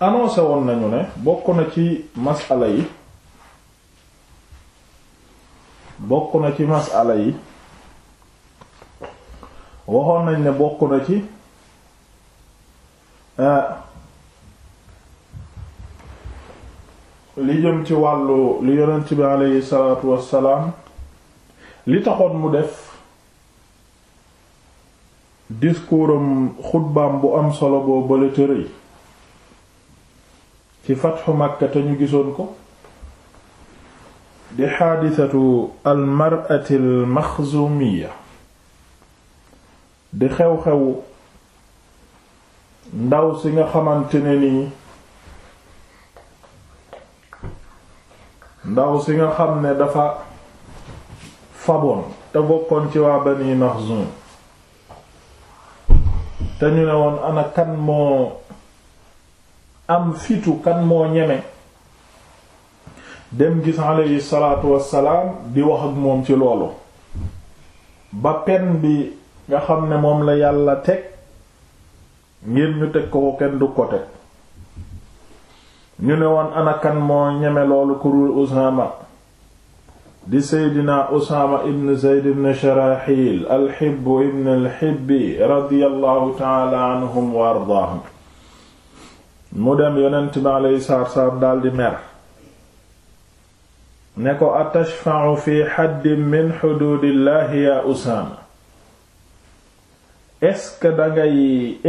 annoncé woon nañu ne bokk na ci masala yi bokk na ci masala yi waxoon nañ ne bokk na ci euh, li jëm ci wàllu li yonent bi aleyhi salaatu wassalaam li taxoon mu def discours am xutbaam bu am solo boo bële tërëy ci fatxu Makka te ñu gisoon ko di xaadisatu almarati almaxzumiya di xew-xewu ndaw si nga xamante ne nii ndaw si nga xam ne dafa faboon te bokkoon ci waa bani maxzum te ñu ne woon ana moo am fitu kan moo ñeme dem gis alayhi salaatu wassalaam di wax ak moom ci loolu ba pen bi nga xam ne moom la yàlla teg ngir ñu teg ko kenn du ko ñu ne woon ana kan moo ñeme loolu kurul Usaama di seydina Usaama ibn Zayd ibn Sharaxil alxibb ibn alxibbi radiyallahu taala anhum wa ardaahum mu dem yonent bi alayhi salaatu salaam daldi mer ne ko atashfa'u fi xaddin min xuduudillaahi yaa Usaama est que dangay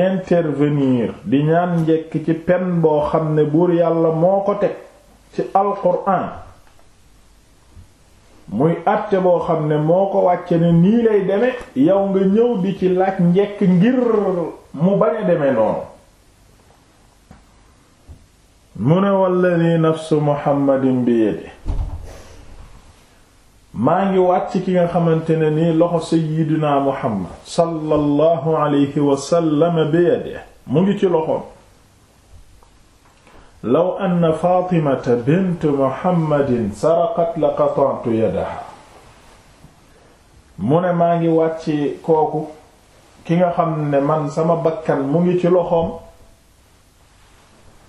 intervenir di ñaan njekk ci pen boo xam ne buur yàlla moo ko teg ci alquran muy àtte boo xam ne moo ko wàcce ne nii lay deme yow nga ñëw bi ci laaj njekk ngir mu bañ deme noonu mu ne walladi nafsu muhammadin bi yadi maa ngi wàcc ki nga xamante ne nii loxo sayyidina muhammad sallallahu alayhi wa sallam bi yadi mu ngi ci loxoom law anna faatimata bint muhammadin saraqat la qata'tu yadaha mu ne maa ngi wàcc kooku ki nga xam ne man sama bakkan mu ngi ci loxoom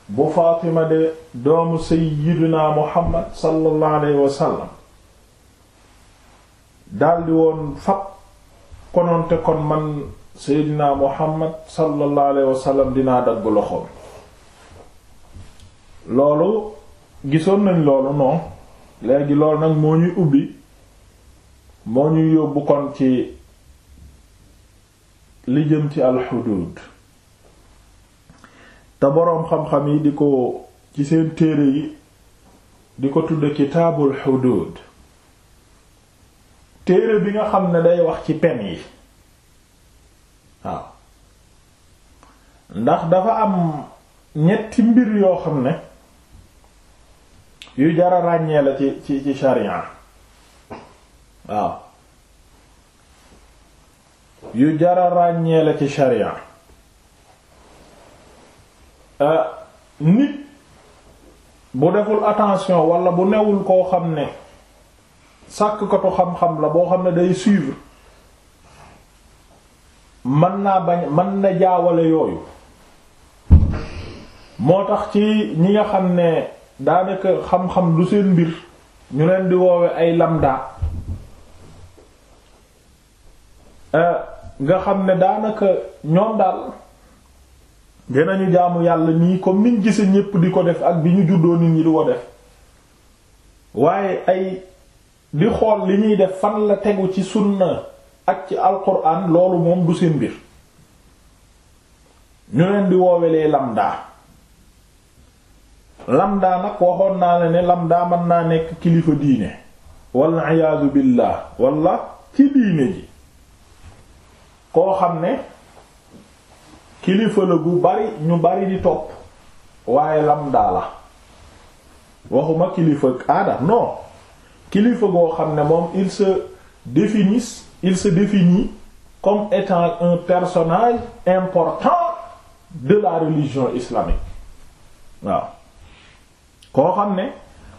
bu Fatima de doomu sayyidina Muhammad sallallahu alayhi wa daldi woon fab kononte kon man sayyidina Muhammad sallallahu alayhi wa sallam dinaa dagg loxo loolu gisoon nañ loolu noo léegi loolu nag moo ñuy ubbi moo ñuy yóbbu kon ci li jëm ci alxuduud te boroom xam-xam yi di ko ci seen téere yi di ko tudde kitaabul xuduud téere bi nga xam ne day wax ci pen yi waaw ndax dafa am ñetti mbir yoo xam ne yu jara ràññee la ci ci ci sharia waaw yu jara ràññee la ci sharia Euh, nit bu deful attention wala bu newul koo xam ne sàkkukatu xam-xam la boo xam ne day suivre mën naa bañ mën na jaawale yooyu moo tax ci ñi nga xam ne daanaka xam-xam du seen mbir ñu leen di woowe ay lambda euh, nga xam ne daanaka ñoom daal gën a ñu jaamu yàlla nii comme niñ gise ñépp di ko def ak bi ñu juddoo nit ñi di ko def waaye ay di xool li ñuy def fan la tegu ci sunna ak ci alquran loolu moom du seen mbir ñu leen di woowelee lamda lamda nag waxoon naa la ne lamdaa mën naa nekk kilifa diine wal iyaadu billah wala ci diine ji koo xam ne kilifa la gu bari ñu bari di topp waaye lamdaa la waxuma kilifa aada non kilifa goo xam ne moom il se définit il se définit comme étant un personnage important de la religion islamique waaw koo xam ne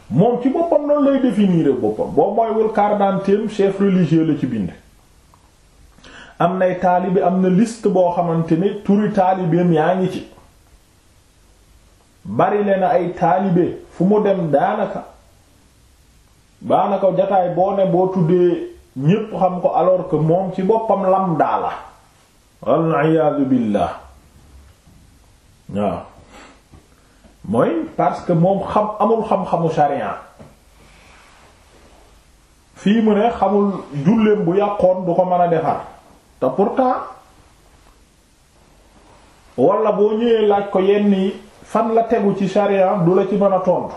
moom ci boppam noonu lay définir boppam boo mooywul carte d'identité chef religieux la ci bind am nay taalibe am na list boo xamante ni turi taalibeem yaa ngi ci bari leen ay taalibe fu mu dem daanaka ko jataay boo ne boo tuddee ñépp xam ko alors que moom ci boppam lam daala wal iyaadu billah waaw mooy parce que moom xam amul xam-xamu sharia fii mu ne xamul julleem bu yàqoon du ko mën a defar te pourtant wala boo ñëwee laaj ko yenn yi fan la tegu ci sharia du la ci mën a tontu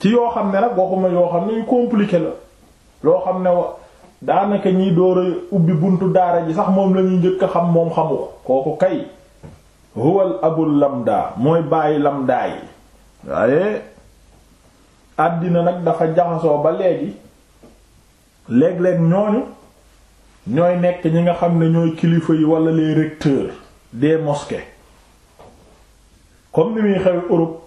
ci yoo xam ne nag waxuma yoo xam ne yu compliqué la loo xam ne wa daanaka ñiy door a ubbi buntu daara ji sax moom la ñuy njëkk a xam moom xamu ko kooku kay huwal abul lamda mooy bàyyi lamda yi waaye àddina nag dafa jaxasoo ba léegi léeg leen ñooñu ñooy nekk ñi nga xam ne ñooy kilifa yi wala les recteur des mosquées comme ni muy xew Europe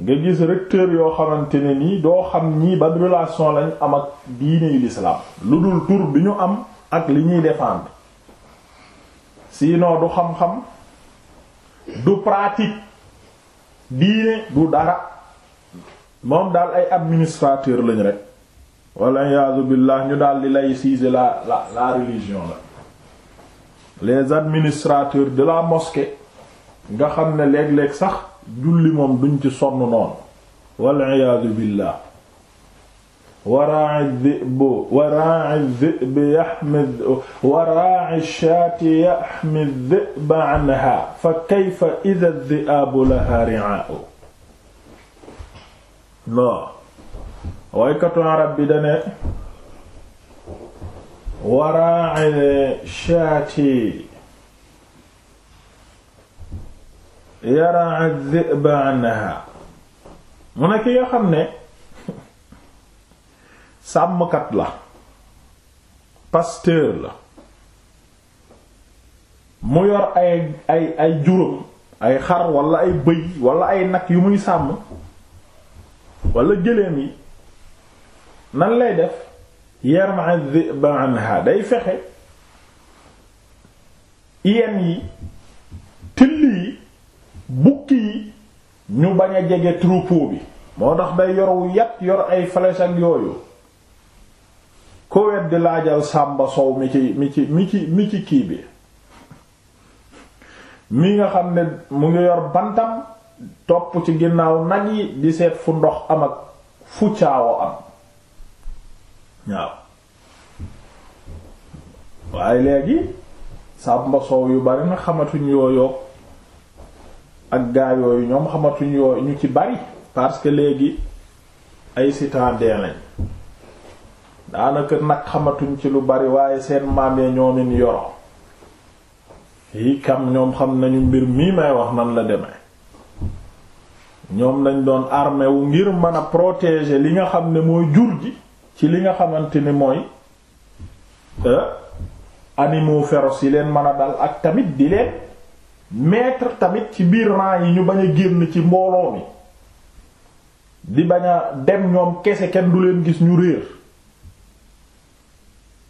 nga gis recteur yoo xamante ne nii doo xam ñii ban relation lañ am ak diine yu l'islam lu dul tur bi ñu am ak li ñuy défendre sinon du xam-xam du pratique diine du dara moom daal ay administrateur lañ rek walla iyaazu billah ñu daal di laïciser la la la religion la les administrateurs de la mosquée nga xam ne léeg-léeg sax julli moom duñ ci sonn noonu walla iyaazu billah waraa'i dhi'b waraa'i dhi'b yahmi waraa'i shaati yahmi dhi'b anha fa kayfa idha dhi'aabu laha ri'aa'u waykatu arab bi dane waraane shaati yaraa dhiba anha mu ne ki xam ne sàmmkat la pasteur la mu yor ay ay ay juróom ay xar wala ay bëy wala ay nag yu muy sàmm wala gëléem yi nan lay def yarma dhiba anha day fexe yen yi till yi bukki yi ñu bañ a jege troupeau bi moo tax day yoru yat yor ay flèche ak yooyu ko wedd laajal sàmba soow mi ci mi ci mi ci mi ci kii bi mi nga xam ne mu ngi yor bantam topp ci ginnaaw nag yi di seet fu ndox am ak fu caawa am waaw waaye léegi sàmba soow yu bari na xamatuñ yooyu ak gaa yooyu ñoom xamatuñ yooyu ñu ci bari parce que léegi ay citadins lañ daanaka nag xamatuñ ci lu bari waaye seen maam ya ñoo leen yoro yi kam ñoom xam nañu mbir mii may wax nan la demee ñoom lañ doon armé wu ngir mën a protéger li nga xam ne mooy jur gi ci li nga xamante ni mooy euh, animaux féroces yi leen mën a dal ak tamit di leen mettre tamit ci biir rang yi ñu bañ a génn ci mbooloo mi di bañ a dem ñoom kese kenn du leen gis ñu réer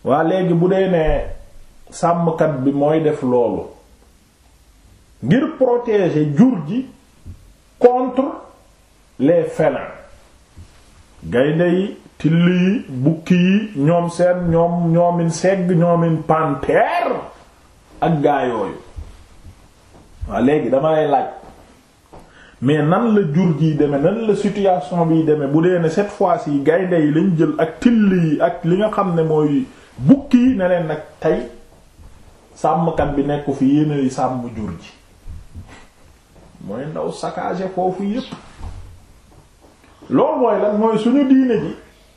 waa léegi bu dee ne sàmmkat bi mooy def loolu ngir protéger jur ji contre le félins gaynde yi till yi bukki yi ñoom seen ñoom ñoomin segg ñoomin panthère ak gaayooyu waa léegi dama lay laaj mais nan la jur ji deme nan la situation biy demee bu dee ne cette fois yi gaynde yi lañ jël ak till yi ak li nga xam ne mooy bukki yi ne leen nag tey sàmmkat bi nekku fi yéen sàmm jur ji mooy ndaw saccagé foofu yëpp loolu mooy lan mooy suñu diine ji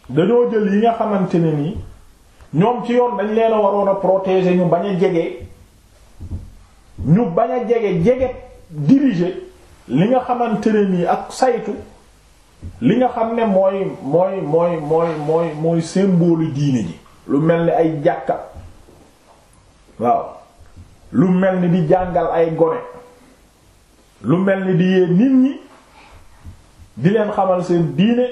dañoo jël yi nga xamante ne nii ñoom ci yoon dañ leen a waroon a protéger ñu bañ a jege ñu bañ a jege jege diriger li nga xamante ne ak saytu li nga xam ne mooy mooy mooy mooy mooy mooy symbole diine ji lu mel ni ay jàkka waaw lu mel ni di jàngal ay gone lu mel ni di yee nit ñi di leen xamal seen diine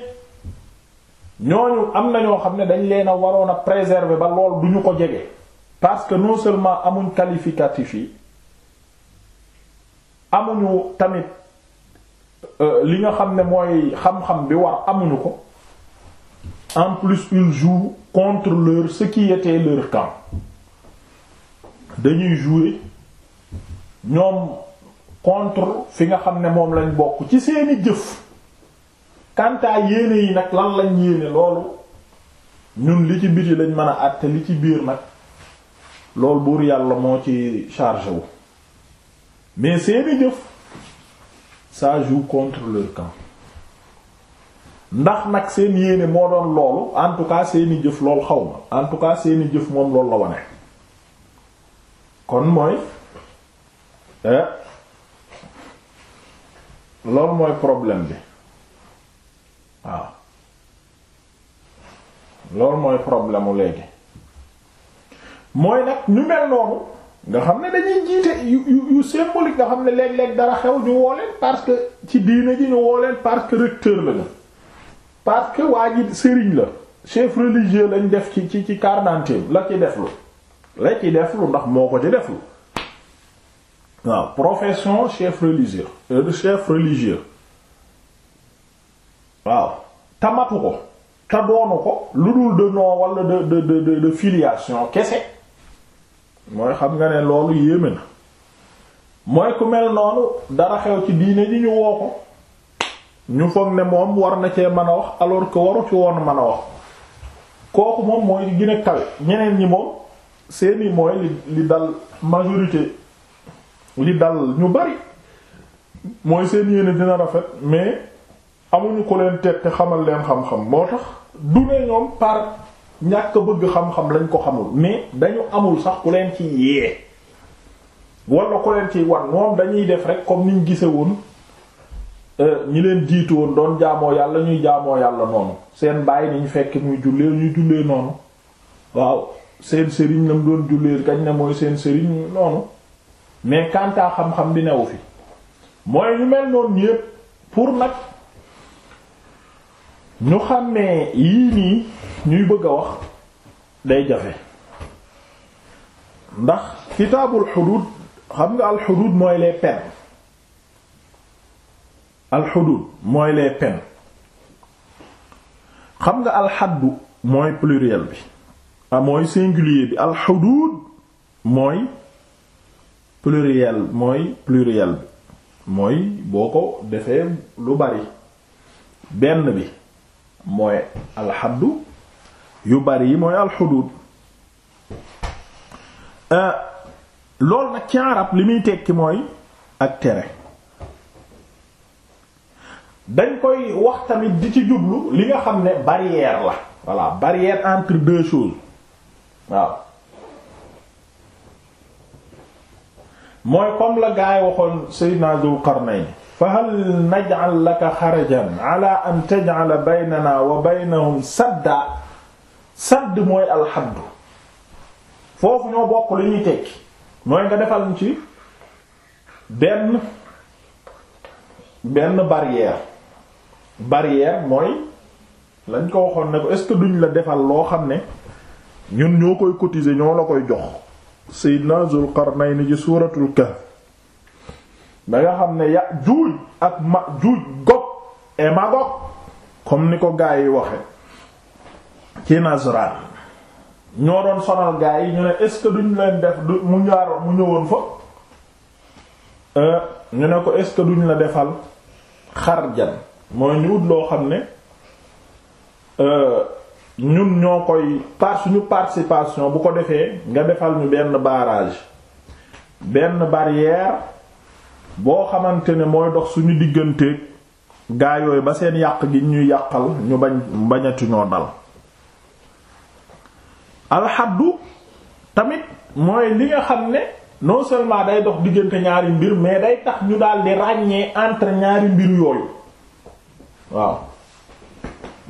ñooñu am na ñoo xam ne dañ leen a waroon a préserver ba lool du ñu ko jege parce que non seulement amuñ qualificatif yi amuñu tamit euh, li nga xam ne mooy xam-xam bi war amuñu ko en plus ils jouent contre leur ce qui était leur camp dañuy jouer ñoom contre fi nga xam ne moom lañ bokk ci seeni jëf kantaa yéene yi nag lan lañ yéene loolu ñun li ci biti lañ mën a àtte li ci biir nag loolu buur yàlla moo ci chargé wu mais seeni jëf ça jour contre leur camp ndax nag seen yéene moo doon loolu en seeni jëf lool xaw ma en tout cas seeni jëf moom loolu la wane kon mooy eh, loolu mooy problème bi waaw loolu mooy problème mu léegi mooy nag ñu mel noonu nga xam ne dañuy jiite yu yu yu nga xam ne léeg-léeg dara xew ñu woo leen parce que ci diine ji ñu woo leen parce que recteur la parce que waa ji sëriñ la chef religieux lañ def ci ci ci quarantaine la ci def lu la ci def lu ndax moo ko ci def lu waaw profession chef religieux euh, chef religieux. waaw te matu ko te doonu ko lu dul de nom wala de de de de filiation kese mooy xam nga ne loolu yéeme na mooy ku mel noonu dara xew ci diine ji ñu woo ko ñu foog ne moom war na cee man a wax alors que waru ci woon mën a wax kooku moom mooy li kawe ñeneen ñi moom seeni mooy li dal majorité li dal ñu bari mooy seen yéene dina rafet mais. amuñu ko leen teg te xamal leen xam-xam moo tax du ne ñoom par ñàkk bëgg xam-xam lañ ko xamul mais dañu amul sax ku leen ci yee wala ku leen ci wan moom dañuy def rek comme niñ gise woon euh, ñi leen jiitu woon doon jaamoo yàlla ñuy jaamoo yàlla noonu seen bàyyi niñ fekk muy jullee ñuy jullee noonu waaw seen sëriñ lam doon jullee kañ ne mooy seen sëriñ noonu mais kantaa xam-xam bi newu fi mooy ñu mel noonu ñépp pour nag ñu xàmmee yii nii ñuy bëgg a wax day jafe ndax kitaabul xuduud xam nga alxuduud mooy les peines alxuduud mooy les peines xam nga alxaddu mooy pluriel bi a ah, mooy singulier bi alxuduud mooy pluriel mooy pluriel bi mooy boo ko defee lu bari benn bi mooy alxaddu yu bari yi mooy alxuduud euh, loolu nag ci arab li muy tekki mooy ak tere dañ koy wax tamit di ci jublu li nga xam ne barrière la voilà barrière entre deux waaw mooy comme la gaay waxoon Seydina Dul Qarnayn fa hal naj'al laka xarajan ala an taj'ala baynana wa baynahum sadda sadd mooy alxaddu foofu ñoo bokk li ñuy tekki mooy nga defal ñu ci benn benn barrière barrière mooy lañ ko waxoon ne ko est-ce que duñ la defal loo xam ne ñun ñoo koy cotiser ñoo la koy jox Seydina Zulqarnayn ci suuratul Kahf ba nga xam ne Yaajuuj ak Maajuuj Gog et Magog comme ni ko gaa yi waxe ci Nasraan ñoo doon sonal gaa yi ñu ne est-ce duñ leen def du mu ñaaroon mu ñëwoon fa eh, ñu ne ko est-ce la defal xarjan mooy ñu ut loo xam ne eh, ñun ñoo koy par suñu participation bu ko defee nga defal ñu benn barrage benn barrière boo xamante ne mooy dox suñu diggante gaa yooyu ba seen yàq gi ñuy yàqal ñu bañ bañatuñoo dal alxaddu tamit mooy li nga xam ne non seulement day dox diggante ñaari mbir mais day tax ñu daal di ràññee entre ñaari mbir yooyu waaw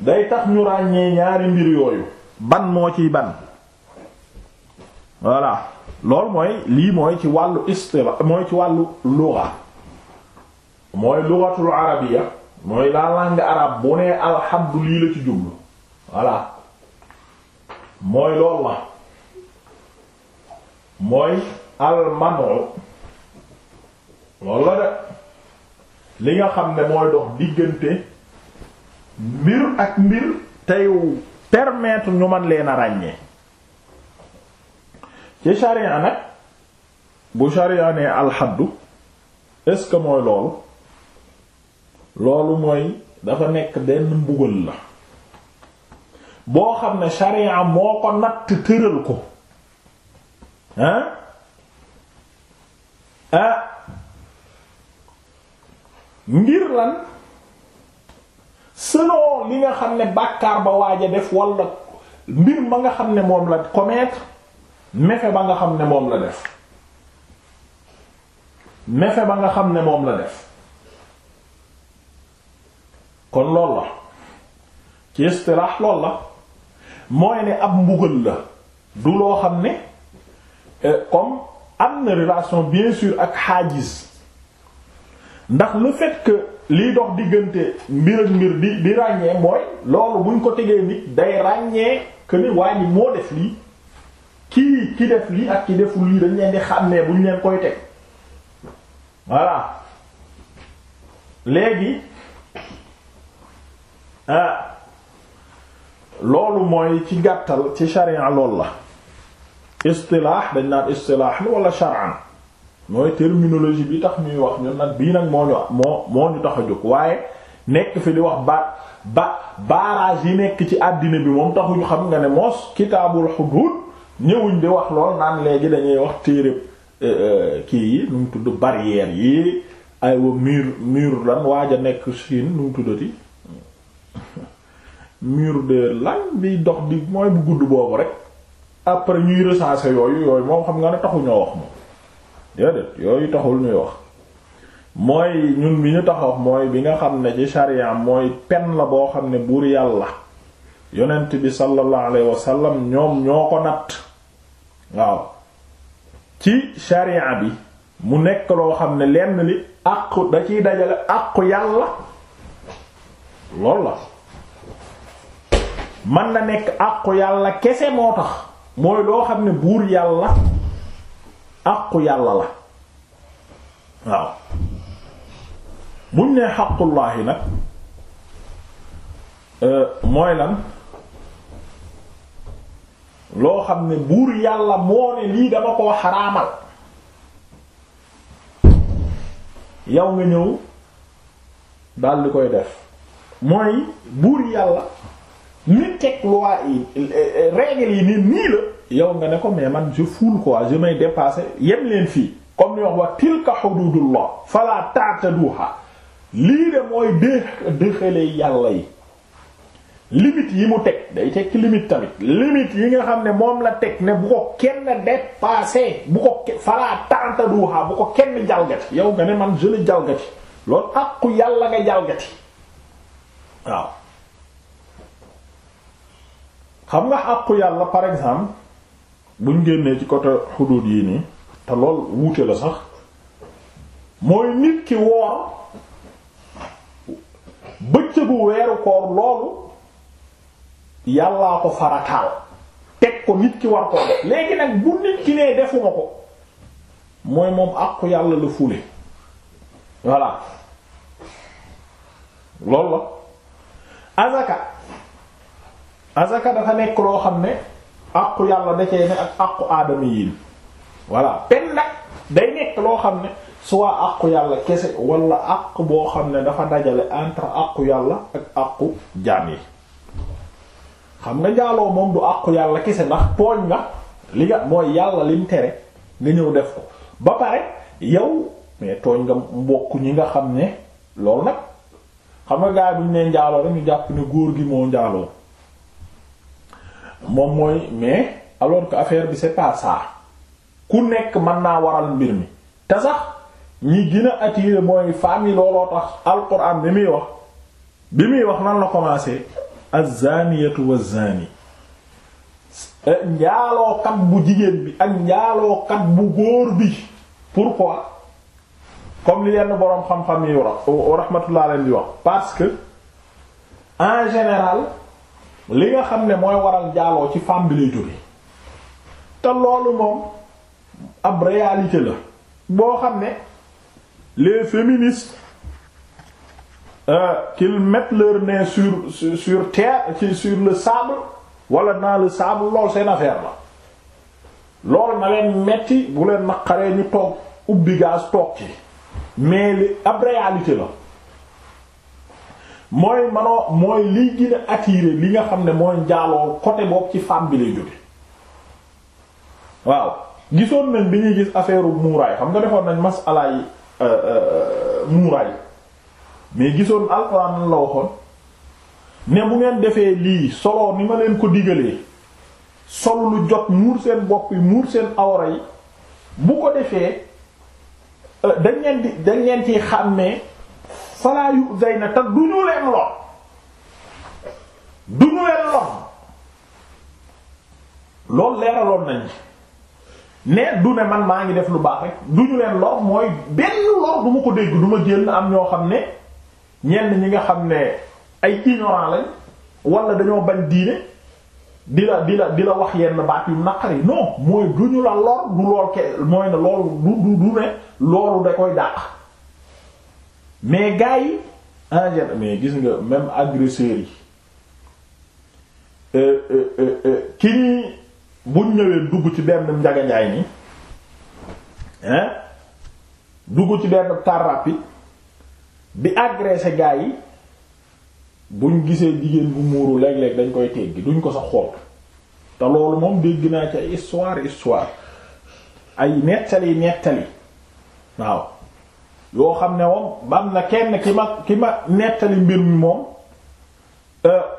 day tax ñu ràññee ñaari mbir yooyu ban moo ciy ban voilà loolu mooy lii mooy ci wàllu istila mooy ci wàllu lugha mooy lughatul arabiyya mooy la langue bu nee alxabdu lii la ci jublu voilà mooy loolu la mooy almanu loolu la de li nga xam ne mooy dox diggante mbir ak mbir tey permettre ñu man leen a ràññee ci sharia nag bu sharia ne alxaddu est-ce que mooy loolu loolu mooy dafa nekk benn mbugal la boo xam ne sharia moo ko natt tëral ko hein ah ngir lan selon li nga xam ne bàkkaar ba waaja def wala mbir ma nga xam ne moom la commettre méfé ba nga xam ne moom la def méfé ba nga xam ne moom la def kon lool la ci istilaax lool la mooy ne ab mbugal la du loo xam ne eh, comme am na relation bien sûr ak xaajis ndax le fait lii dox diggante mbir ak mbir di di ràññee mooy loolu buñ ko tegee nit day ràññee que ni waa ji moo def lii kii ki def lii ak ki deful lii dañ leen di xàmmee buñ leen koy teg voilà léegi ah loolu mooy ci gàttal ci sharia lool la istilaax dañ naan istilaax wala shar'an mooy terminologie bi tax muy wax ñun nag bii nag moo ñu moo moo ñu tax a jóg waaye nekk fi di wax ba ba barrage yi nekk ci àddina bi moom taxuñu xam nga ne moos kitaabul xuduud ñëwuñ di wax lool naan léegi dañuy wax téere euh, euh, kii yi nu mu tudd barrière yi aywa mur mur lan waaj nekk Chine nu mu tuddati mur de lan bi dox di mooy bu gudd boobu rek après ñuy recenser yooyu yooyu moom xam nga ne taxuñoo wax moom déedéet yooyu taxul ñuy wax mooy ñun bi ñu tax wax mooy bi nga xam ne ci sharia mooy pen la boo xam ne buur yàlla yonent bi sallallahu alayhi wasallam ñoom ñoo ko natt waaw ci sharia bi mu nekk loo xam ne lenn li àqu da ciy dajale àqu yàlla lool la man na nekk àqu yàlla kese moo tax mooy loo xam ne buur yàlla àqu yàlla la waaw buñ nee xaqullaahi nag euh, mooy lan loo xam ne buur yàlla moo ne lii dama ko xaraamal yow ngi ñëw dal di koy def mooy buur yàlla mi teg loi yi euh, euh, règle yi ne nii la yow nga ne ko mais man je foule quoi je may dépasser yem leen fii comme ni wax wa tilka hududullah fala ta'taduha lii de mooy dé déxale yàlla yi limite yi mu teg day teg ci tamit limite yi nga xam ne moom la teg ne bu ko kenn dépasser bu ko fala ta'taduha bu ko kenn jalgati yow nga ne man je le jalgati loolu àqu yàlla nga jalgati waaw xam nga àqu yàlla par exemple buñ génnee ci côté xuduud yi nii te lool wuute la sax mooy nit ki woor bëccëgu weeru koor loolu yàllaa ko farataal teg ko nit ki war koo léegi nag bu nit ki nee defuma ko mooy moom àqu yàlla la fule voilà loolu la azaka azaka dafa nekk loo xam ne àqu yàlla da cay ak àqu aadama yi voilà pen nag day nekk loo xam ne soit àqu yàlla kese wala àq boo xam ne dafa dajale entre àqu yàlla ak àqu jaam yi xam nga njaaloo moom du àqu yàlla kese ndax tooñ nga li nga mooy yàlla lim tere nga ñëw def ko ba pare yow mais tooñ nga mbokk ñi nga xam ne loolu nag xam nga gaay bu ñu nee njaaloo rek jàpp ne góor gi moo njaaloo moom mooy mais alors que affaire bi c'est pas ku nekk mën naa waral mbir mi te sax ñi gën a attiré mooy femmes yi looloo tax alquran bi muy wax bi muy wax nan la commencé az-zaniyatu waz-zani eh, njaalookat bu jigéen bi ak njaalookat bu góor bi pourquoi comme li yenn boroom xam-xam yi rahmatullah alayhi di wax parce que en général li nga xam ne mooy waral jaaloo ci femme bi lay jóge te loolu moom ab réalité la boo xam ne les féministes euh, qu'ils mettent leur nez sur sur terre sur le sable wala dans le sable loolu seen affaire la loolu na leen metti bu leen naqaree ñu toog ubbi gaz toog ci mais li ab réalité la mooy manoo mooy liy gën a li nga xam ne mooy njaaloo côté boobu ci femme bi lay jóge waaw gisoon nañ bi ñuy gis affaire muuraay xam nga defoon nañ masala yi euh, euh, muuraay mais gisoon alxuraan nan la waxoon ne bu ngeen defee lii soloo ni ma leen ko diggalee sol lu jot muur seen bopp yi muur seen awra yi bu ko defee euh, dañ leen di dañ leen xàmmee falaa yu'zayna te du ñu leen lor du ñu leen lor loolu leeraloon nañ ne du ne man maa ngi def lu baax rek du ñu leen lor mooy benn lor du ko dégg du ma am ñoo xam ne ñenn ñi nga xam ne ay ignorant wala dañoo bañ di la di la di la wax yu naqari non lool ke mooy ne loolu du du ne loolu da koy dàq. mais gars yi en mais gis nga même agresseurs yi euh, euh, euh, ki nii buñ ñëwee dugg ci benn njaganjaay ni hein dugg ci benn car rapide bi agresser gars yi buñ gisee jigéen bu muuru léeg-léeg dañ koy teggi duñ ko sax xool te loolu moom dégg naa ci histoire histoire ay nettali nettali waaw yoo xam ne moom am na kenn ki ma ki ma nettali mbir mi moom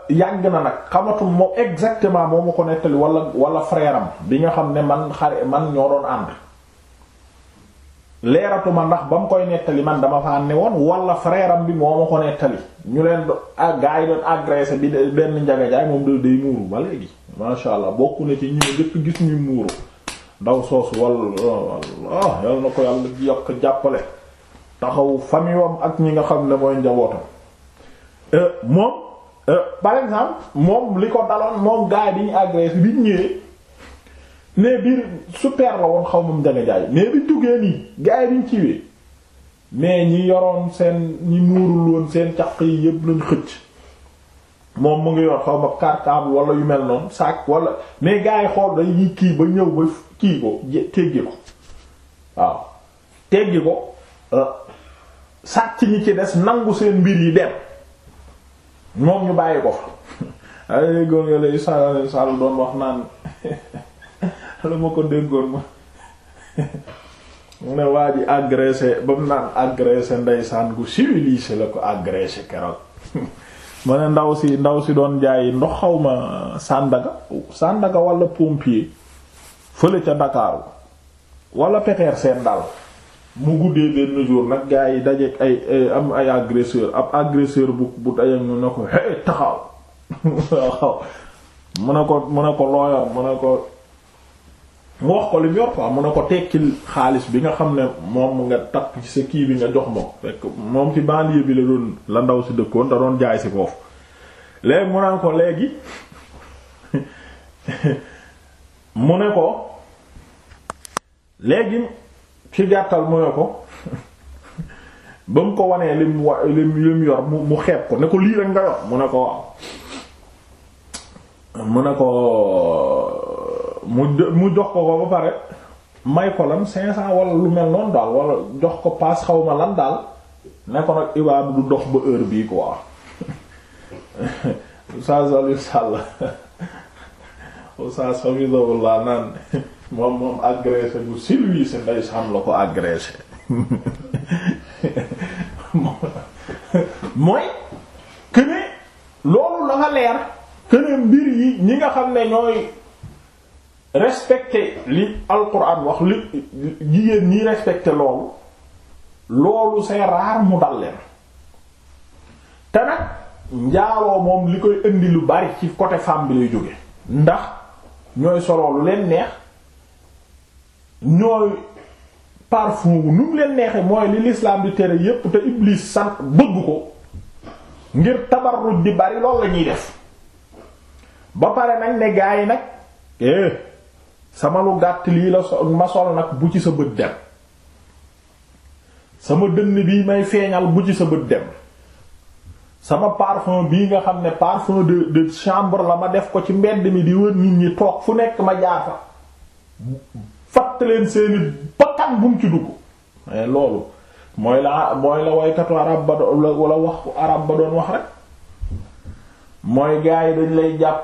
yàgg na nag xamatum moom exactement moom ma ko nettali walla wala frère bi nga xam ne man man ñoo doon ànd ndax ba mu koy man dama woon wala frère bi moo ko nettali ñu leen gaa yi doon agressé bi benn njaga jaay moom da day muuru ba léegi masha allah bokk na ci ñu njëkk gis ñu muuru ndaw soosu walla yal na ko yàlla yokk jàppale taxaw famiyom ak ñi nga xam ne mooy njabootam euh, moom euh, par exemple moom li ko daloon moom gaay bi ñu agressé bi ñu ñëwee mais biir super la woon xaw ma Ndiaga Ndiaye mais bi duggee nii gaay bi ñu ciwee mais ñi yoroon seen ñu muurul woon seen caq yi yëpp lañ xëcc moom mu ngi yor xaw ma cartable wala yu mel noonu saak wala mais gaay yi xool dañuy kii ba ñëw ba kii ko teggi ko waaw teggi ko. Euh, sàcc ñi ci des nangu seen mbir yi dem moom ñu bàyyi ko fa ay góor nga lay sàll sàll doon wax naan lu ma ko déggoon ma mu ne waa ji agressé ba mu naan agressé ndeysaan gu civilisé la ko agressé keroog mu ne ndaw si ndaw si doon jaay ndox xawma ma Sandaga Sandaga wala pompier fële ca Ndakaaru wala seen daal mu guddee benn jour nag gaa yi dajeeg ay am ay agresseur ab agresseur bu bu dajeeg mu ne ko hey taxaw mu ne ko mu ne ko looyal mu ne ko mu wax ko li ne ko tekkil xaalis bi nga xam ne moom nga takk ci sa kii bi nga jox ma ko fekk ci banlieue bi la la ndaw si dëkkoon da jaay si foofu léegi ko léegi mu ne ko léegi. ci jàttal mu ne ko ba mu ko wanee lim wa lim lim yor mu mu xeeb ko ne ko lii rek nga yor mu ne ko mu ne ko mu mu jox ko ko ba pare may ko lan cinq cent wala lu mel noonu daal wala jox ko paas xaw ma lan daal ne ko nag ibaab du dox ba heure bii quoi saa sali sàll saa safisabulaa naan moom moom agressé bu silvissé nday sàmm la ko agressé mooy këne loolu dafa leer këne mbir yi ñi nga xam ne ñooy respecté li alquran wax li jigéen ñi respecté loolu loolu c'est rare mu dal leen te nag njaaloo moom li koy indi lu bari ci côté femme bi jóge ndax ñooy soloolu leen neex ñooy parfum nu mu leen neexee mooy li l'islam di tere yépp te Iblis sant bëgg ko ngir tabarruj di bari loolu la def ba pare nañ ne gaa yi nag eh, sama lu gàtt lii la so ma sol nag bu ci sa bët dem sama bii may feeñal bu ci sa bët dem sama parfum bii nga xam ne parfum de de chambre la ma def ko ci mbedd mi di wër nit ñi toog fu nekk ma jaar fa fatt leen seeni bakkan bu mu ci dugg mais loolu mooy la mooy la waykatu arab ba doon wala wax arab rek mooy gaa yi lay jàpp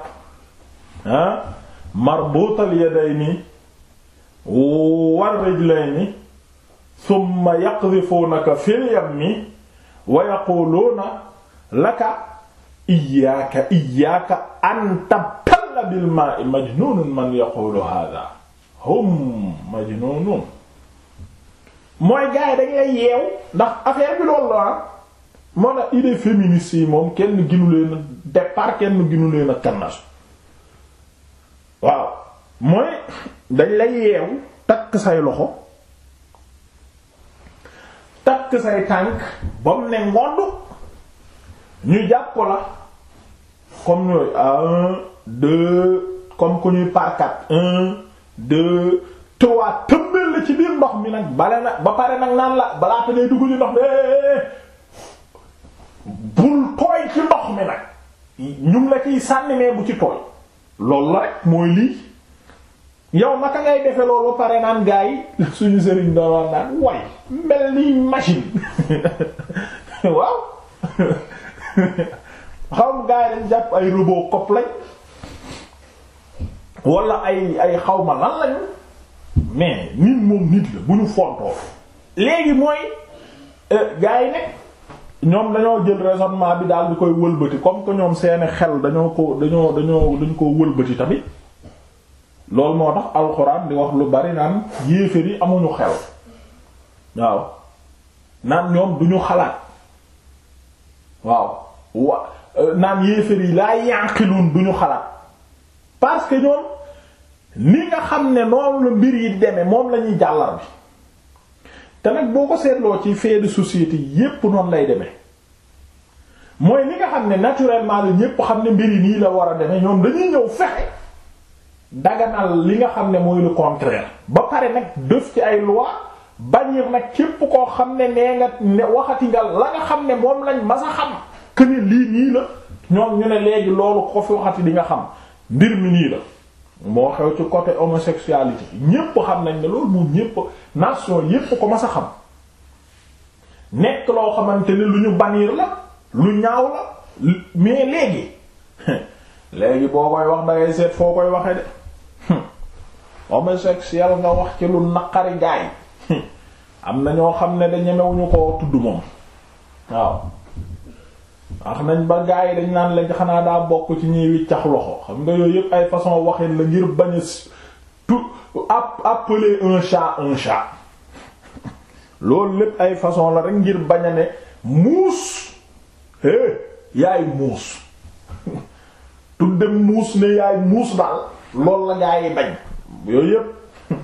ah marbuutal yadayni war rijlayni thumma yaqdhifunaka fil yammi wa yaquluuna laka iyyaaka iyyaaka an tabtalla bil maa'i majnuunun man yaqulu haadha hum majnunun mooy gars yi dañ lay yeew ndax affaire bi loolu la ah. moo la idée féministe yi moom kenn ginu leen a départ kenn ginu leen a kannasu waaw mooy dañ lay yeew takk say loxo takk say tànk ba mu ne ngodd ñu jàpp la comme ñooyu à un comme ku ñuy par un de tëwaat tëmbeel la ci biir ndox mi nag bale na ba pare nag naan la balaa ngay dugg ci ndox mi eh, bul tooy ci ndox mi nag ñu la ciy sànni mais bu ci tooy loolu la rek mooy lii yow naka ngay defe loolu ba pare naan gaa yi suñu sëriñ doon wax naan way mel ni machine waaw xam gaa yi dañ jàpp ay robot cop lañ wala ay ay xawma lan lañu mais nit moom nit la bu ñu fontoo léegi mooy euh, gars yi ne ñoom dañoo jël raisonnement bi daal di koy wëlbati comme que ñoom seeni xel dañoo ko dañoo dañoo dañ ko wëlbati tamit loolu moo tax alxuraan di wax lu bari naan yéeféer yi amuñu xel waaw naan ñoom duñu xalaat waaw wa euh, naan yéeféer yi laa yànqiluun duñu xalaat parce ñoom ni nga xam ne noonu la mbir yi deme moom lañuy ñuy jàllar te nag boo ko seetloo ci fait de société yépp noonu lay deme mooy li nga xam ne naturellement la ñépp xam ne mbir yi la war a demee ñoom dañuy ñëw fexe daganal li nga xam ne mooy le contraire ba pare nag def ci ay loi banir nag képp koo xam ne nee nga ne waxati nga la nga xam ne moom lañ mas a xam que ne lii nii la ñoom ñu ne léegi loolu ko fi waxati di nga xam mbir mi nii la. moo xew ci côté homosexualité ñépp xam nañ ne loolu moom ñépp nation yépp ko ma sa xam nekk loo xamante ni lu ñu bannir la lu ñaaw la mais léegi léegi boo koy wax dangay seet foo koy waxe de homosexuel nga wax ci lu naqari gaay am na ñoo xam ne da ñemewuñu ko tudd moom waaw wax nañ ba gars yi dañ naan la xanaa daa bokk ci ñuy wiccax loxo xam nga yooyu yëpp ay façon waxin la ngir bañ a tout appeler un chat un chat loolu lépp ay façon la rek ngir bañ a ne muus é eh, yaay muus tudde muus ne yaay muus daal loolu la gars yi bañ yooyu yëpp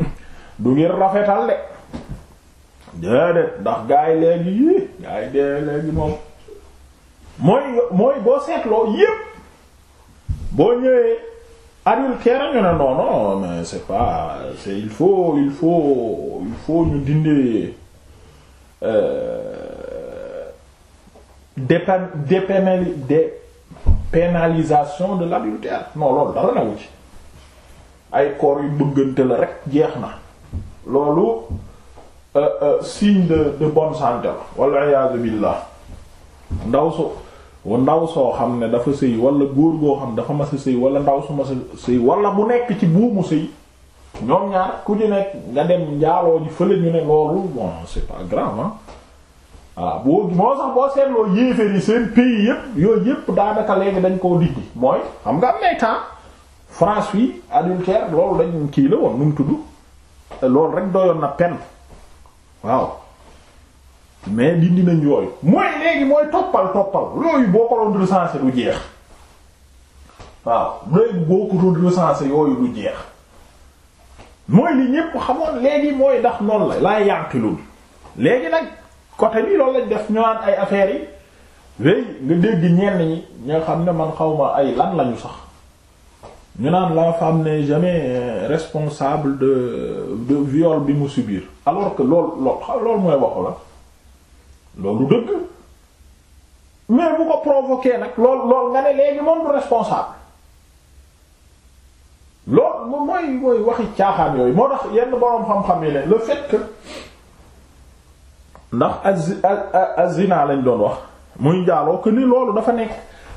du ngir rafetal de déedéet ndax gars léegi yi gars dee léegi moom mooy mooy boo seetloo yépp boo ñëwee adultère ñu ne non mais c'est pas c'est il faut il faut il faut ñu dindi euh, dépen dépénali dépénalisation de l'adultère non loolu dara newu ci ay corps yu bëggante la rek jeex na loolu euh, euh, signe de de bonne santé la walla iyaazu billah ndaw su ndaw soo xam ne dafa sëy walla góor goo xam dafa mas a sëy wala ndaw su mas a sëy wala bu nekk ci buumu sëy ñoom ñaar ku ci nekk nga dem njaaloo ji fële ñu ne loolu bon c'est pas grave ah voilà moo sax boo seetloo yéeféer yi seen pays yëpp yooyu yëpp daanaka léegi dañ koo dijji mooy xam nga am nay temps France fii adultère loolu dañu kii la woon nu mu tudd loolu rek doyoon na peine waaw mais dindi nañ yooyu mooy léegi mooy toppal toppal yooyu boo ko doon recenser du jeex waaw léegi boo ko doon recenser yooyu du jeex mooy li ñépp xamoon léegi mooy ndax noonu la laa yàqilul léegi nag côté bi loolu lañ def ñu naan ay affaires yi wéy nga dégg ñenn ñi ñi xam ne man ma ay lan lañu sax ñu naan la femme n'est jamais euh, responsable de de viol bi mu subir alors que lool lool loolu mooy waxu la loolu dëgg mais bu ko provoqué nag lool lool nga ne léegi moom du responsable lool mooy waxi caaxaan yooyu moo tax yenn boroom xam-xam yi ne le fait que ndax azina lañ doon wax muy njaaloo que ni loolu dafa nekk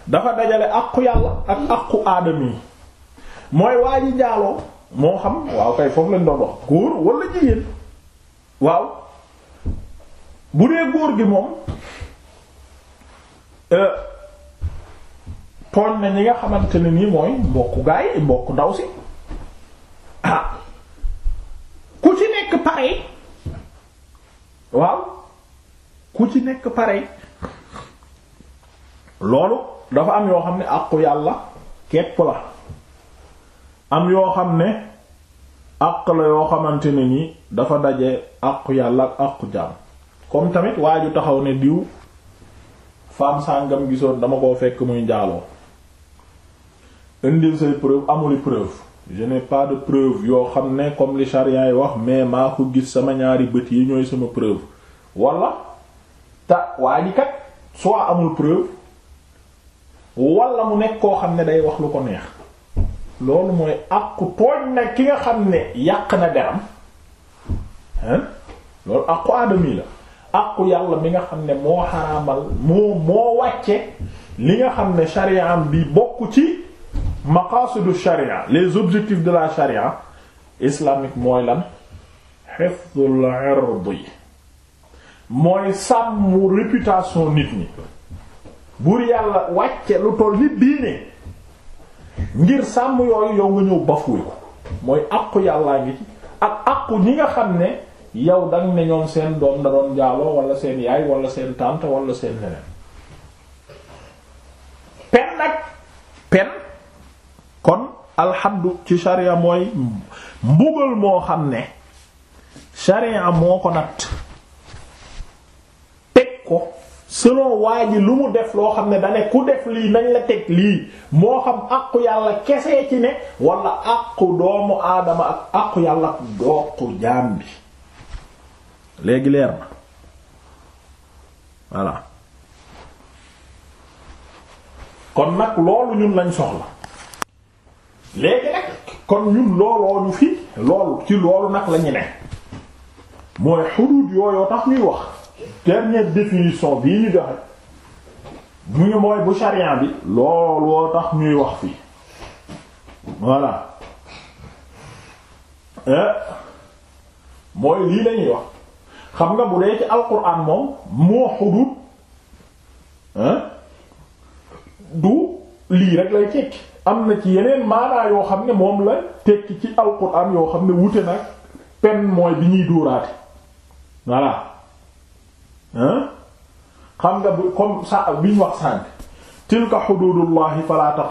dafa dajale àqu yàlla ak àqu aadama mooy waa ji moo xam waaw kay foofu lañ doon wax góor wala jigéen waaw bu dee góor gi moom euh, tooñ na ñi nga xamante ne nii mooy mbokku gaay mbokku ndaw si ah ku ci nekk pare waaw ku ci nekk pare loolu dafa am yoo xam ne àqu yàlla kepp la am yoo xam ne àq la yoo xamante ne nii dafa daje àqu yàlla ak àqu jaam comme tamit waaju taxaw ne diw femme sàngam gisoon dama koo fekk muy njaaloo indil say preuve amuli preuve je n'ai pas de preuve yoo xam ne comme li charia yi wax mais maa ko gis sama ñaari bët yi ñooy sama preuve wala ta waa kat soit amul preuve wala mu nekk koo xam ne day wax lu ko neex loolu mooy àqu tooñ na ki nga xam ne yàq na deram hein loolu àqu aadami la àqu yàlla mi nga xam ne moo xaraamal moo moo wàcce li nga xam ne chariaam bi bokk ci maqasidu sharia les objectifs de la sharia islamique mooy lan hifdul irdi mooy sàmm réputation nit ñi buur yàlla wàcce lu toll nit diine ngir sàmm yooyu yow nga ñëw bafuwe ko mooy àqu yàllaa ngi ci ak àqu ñi nga xam ne yow dang ne ñoom seen doom da doon jaaloo wala seen yaay walla seen tante wala seen leneen pen nag pen kon alxaddu ci sharia mooy mbugal moo xam ne sharia moo ko natt teg ko selon waa ji lu mu def loo xam ne dana ku def lii nañ la teg lii moo xam àqu yàlla kese ci ne wala àqu doomu aadama àqu yàlla dooqu jaam bi léegi leer na voilà kon nag loolu ñun lañ soxla léegi nag kon ñun looloo ñu fi loolu ci loolu nag lañu ne mooy xuduud yooyu tax ñuy wax dernière définition bii ñu joxe mu ñu mooy bu charian bi looloo tax ñuy wax fii voilà eh, mooy lii lañuy wax xam nga bu dee ci alquran moom moo xudud du lii rek lay tekki am na ci yeneen maanaa yoo xam ne moom la tekki ci alquran yoo xam ne wute nag pen mooy bi ñuy dóoraate voilà xam nga bu comme sa bi ñu wax sànk tilka xududullahi fa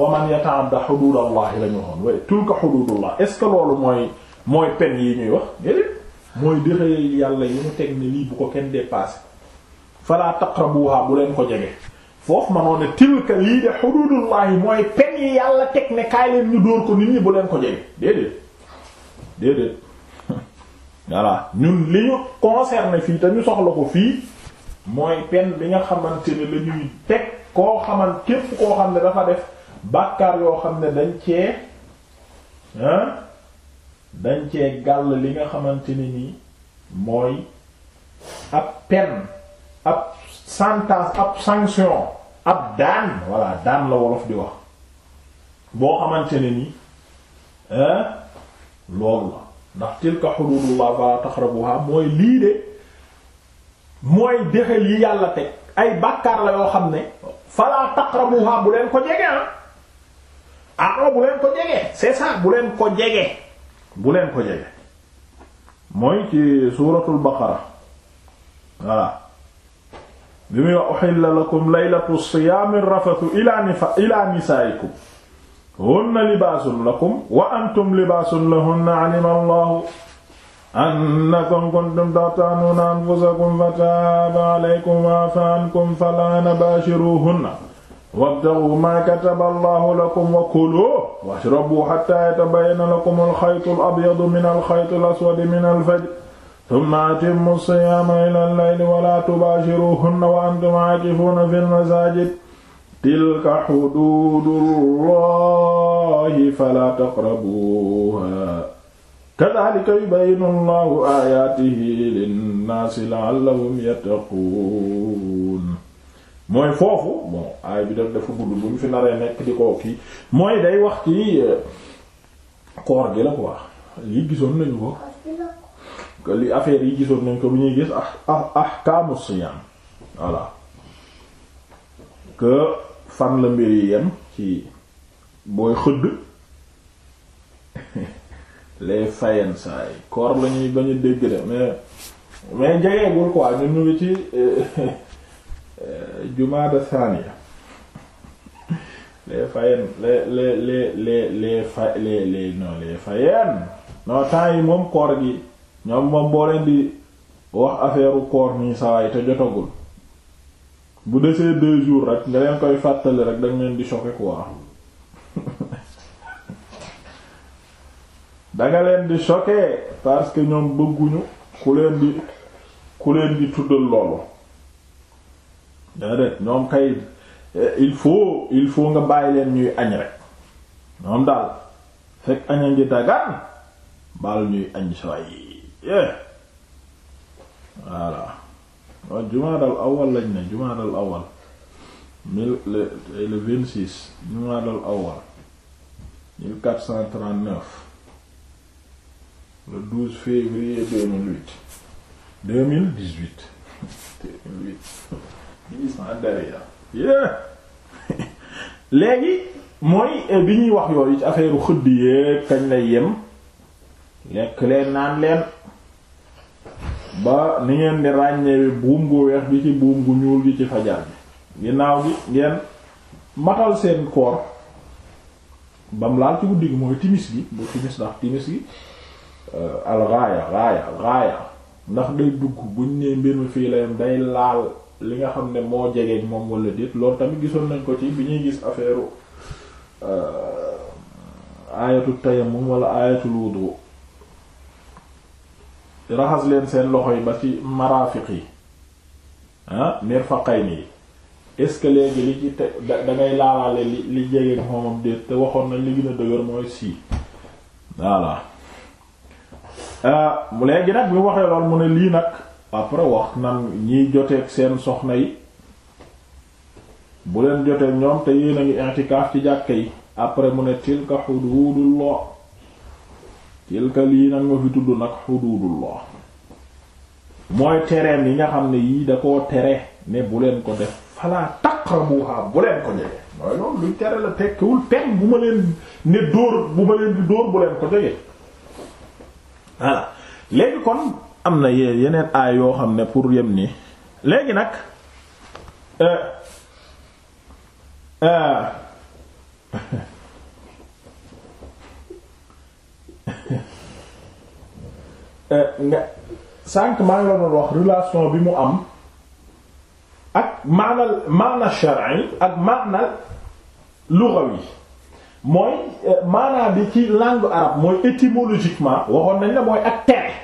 waman yata'adda xududallahi la ñu waxoon waaye tilka xududullahi est loolu mooy mooy pen yi ñuy wax déedéet mooy dëxëyee yàlla yi mu teg ne lii bu ko kenn dépassé fala taqrabuha bu leen ko jege foofu ma noonu tilka lii de xududullahi mooy pen yi yàlla teg ne kaay leen ñu dóor ko nit ñi bu leen ko jege déedéet déedéet voilà ñun li ñu concerné fii te ñu soxla ko fii mooy pen bi nga xamante ne la teg koo xaman képp koo xam ne dafa def bàkkaar yoo xam ne dañ cee dañ cee gàll li nga xamante ne nii mooy ab peine ab sentence ab sanction ab daan voilà daan la wolof di wax boo xamante ne nii loolu la ndax tilka xududullah fala taqrabuha mooy lii de mooy déxel yi yàlla teg ay bàkkaar la yoo xam ne fala taqrabuha bu leen ko jege ah ah bu leen ko jege c'est bu leen ko jege bu leen ko jege mooy ci suuratul baqara voilà bi muy wax uhilla lakum laylatu siyaami rafathu ila nifa ila nisaikum hunna libaasun lakum wa antum libaasun lahunna alima allahu annakum kuntum taxtaanuuna anfusakum fataaba alaykum wa afa ankum falaana baashiruhunna wabtaghuu maa kataba allahu lakum wa kuluu washrabuu hattaa yatabayyana lakum alxaytu alabyadu min alxayti alaswadi min alfajr thumma atimmu siyaama ila allayli walaa tubaashiruuhunna wa antum aakifuuna fi almasaajid tilka xuduudullahi falaa taqrabuuhaa kadhalika yubayyinu allahu aayaatihi linnaasi la'allahum yattaquun mooy foofu bon aay bi daf dafa gudd bu ñu fi naree nekk di ko kii mooy day wax ci euh, koor gi la quoi li gisoon nañu ko li affaire yi gisoon nañ ko bu ñuy gis ah, ah ahkaamu siyam voilà que fan la mbir yi yem ci booy xëdd les fayensaay koor lañuy bañ a dégg de mais mais jegeegul quoi ñun ñu ngi ci euh, jumaada saaniya les Fayenne les les les les les fa les les non les temps yi moom koor gi ñoom moom boo leen di wax affaire koor nii sawaay te jotagul bu desee deux jours rek nga leen koy fàttali rek dañ leen di choquer quoi danga leen di choquer parce que ñoom bëgguñu ku leen di ku leen di tuddal loolu déedéet ñoom kay eh, il faut il faut nga bàyyi leen ñuy añ rek ñoom daal fekk aña ngi dagaan baal ñuy añ sooy yee eh. voilà waaw jumaadal awal lañ ne jumaadal awal mille le le vingt six jumaadal awal mille quatre cent trente neuf le douze février deux mille huit deux mille dix huit deux mille huit léegi mooy eh, bi ñuy wax yooyu ci affaire xëdd yéeg kañ lay yem lekk leen naan leen ba ni ngeen di ràññee buum gu weex bi ci buum gu ñuul gi ci fajar bi ginnaaw gi ngeen matal seen koor bam laal ci guddi gi mooy timis gi bu timis ndax timis gi eh, al raaya raaya raaya ndax day dugg buñ ne mbir mi fii la yem day laal li nga xam ne moo jegeeñ moom wala déet loolu tamit gisoon nañ ko ci bi ñuy gis affaire euh, ayatul tayammum wala ayatul wudu raxas leen seen loxo yi ba ci marafiq yi ah mirfaqayni yi est-ce que léegi li ci te da ngay laalaale li li jegeeñ moomam déet te waxoon nañ li gën a dëgër mooy sii voilà euh, léegi nag bi waxee lool mu ne lii nag après wax nan ñiy joteeg seen soxna yi bu leen jotee ñoom te yéen a ngi i'tikaaf ci jàkka yi après mu ne tilka xuduudullah tilka lii nag ma fi tudd nag xuduudullah mooy tereem yi nga xam ne yii da koo tere ne bu leen ko def falaa taqrabuha bu leen ko jege mooy loolu luy tere la tekkiwul pen bu ma leen ne dóor bu ma leen di dóor bu leen ko jege voilà léegi kon am na yee yeneen aay yoo xam ne pour yem ni léegi nag euh, euh, euh, nga sànq maa ngi la doon wax relation bi mu am ak maanal maana shar'i ak maana lughawi mooy maanaa bi ci langue arabe mooy étymologiquement waxoon nañ la mooy ak tere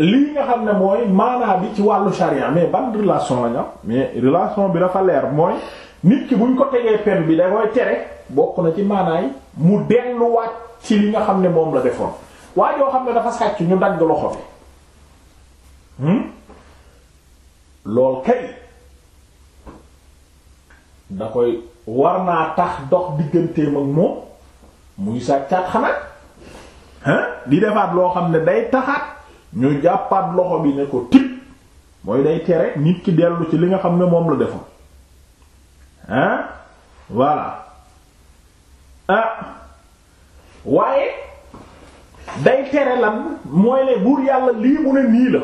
lii nga xam ne mooy maanaa bi ci wàllu charia mais ban relation lañ mais relation bi dafa leer mooy nit ki buñ ko tegee peine bi da koy tere bokk na ci maanaay mu delluwaat ci li nga xam ne moom la defoon waaye yoo xam ne dafa sàcc ñu dagg loxo bi hmm? lool kay da koy war naa tax dox digganteem ak moom muy sàccaat xanaa hein di defaat loo xam ne day taxaat ñu jàppaat loxo bi ne ko tip mooy day tere nit ki dellu ci li nga xam ne moom la defoon hein ah. waaye day tere lan mooy ne buur yàlla lii mu ne nii la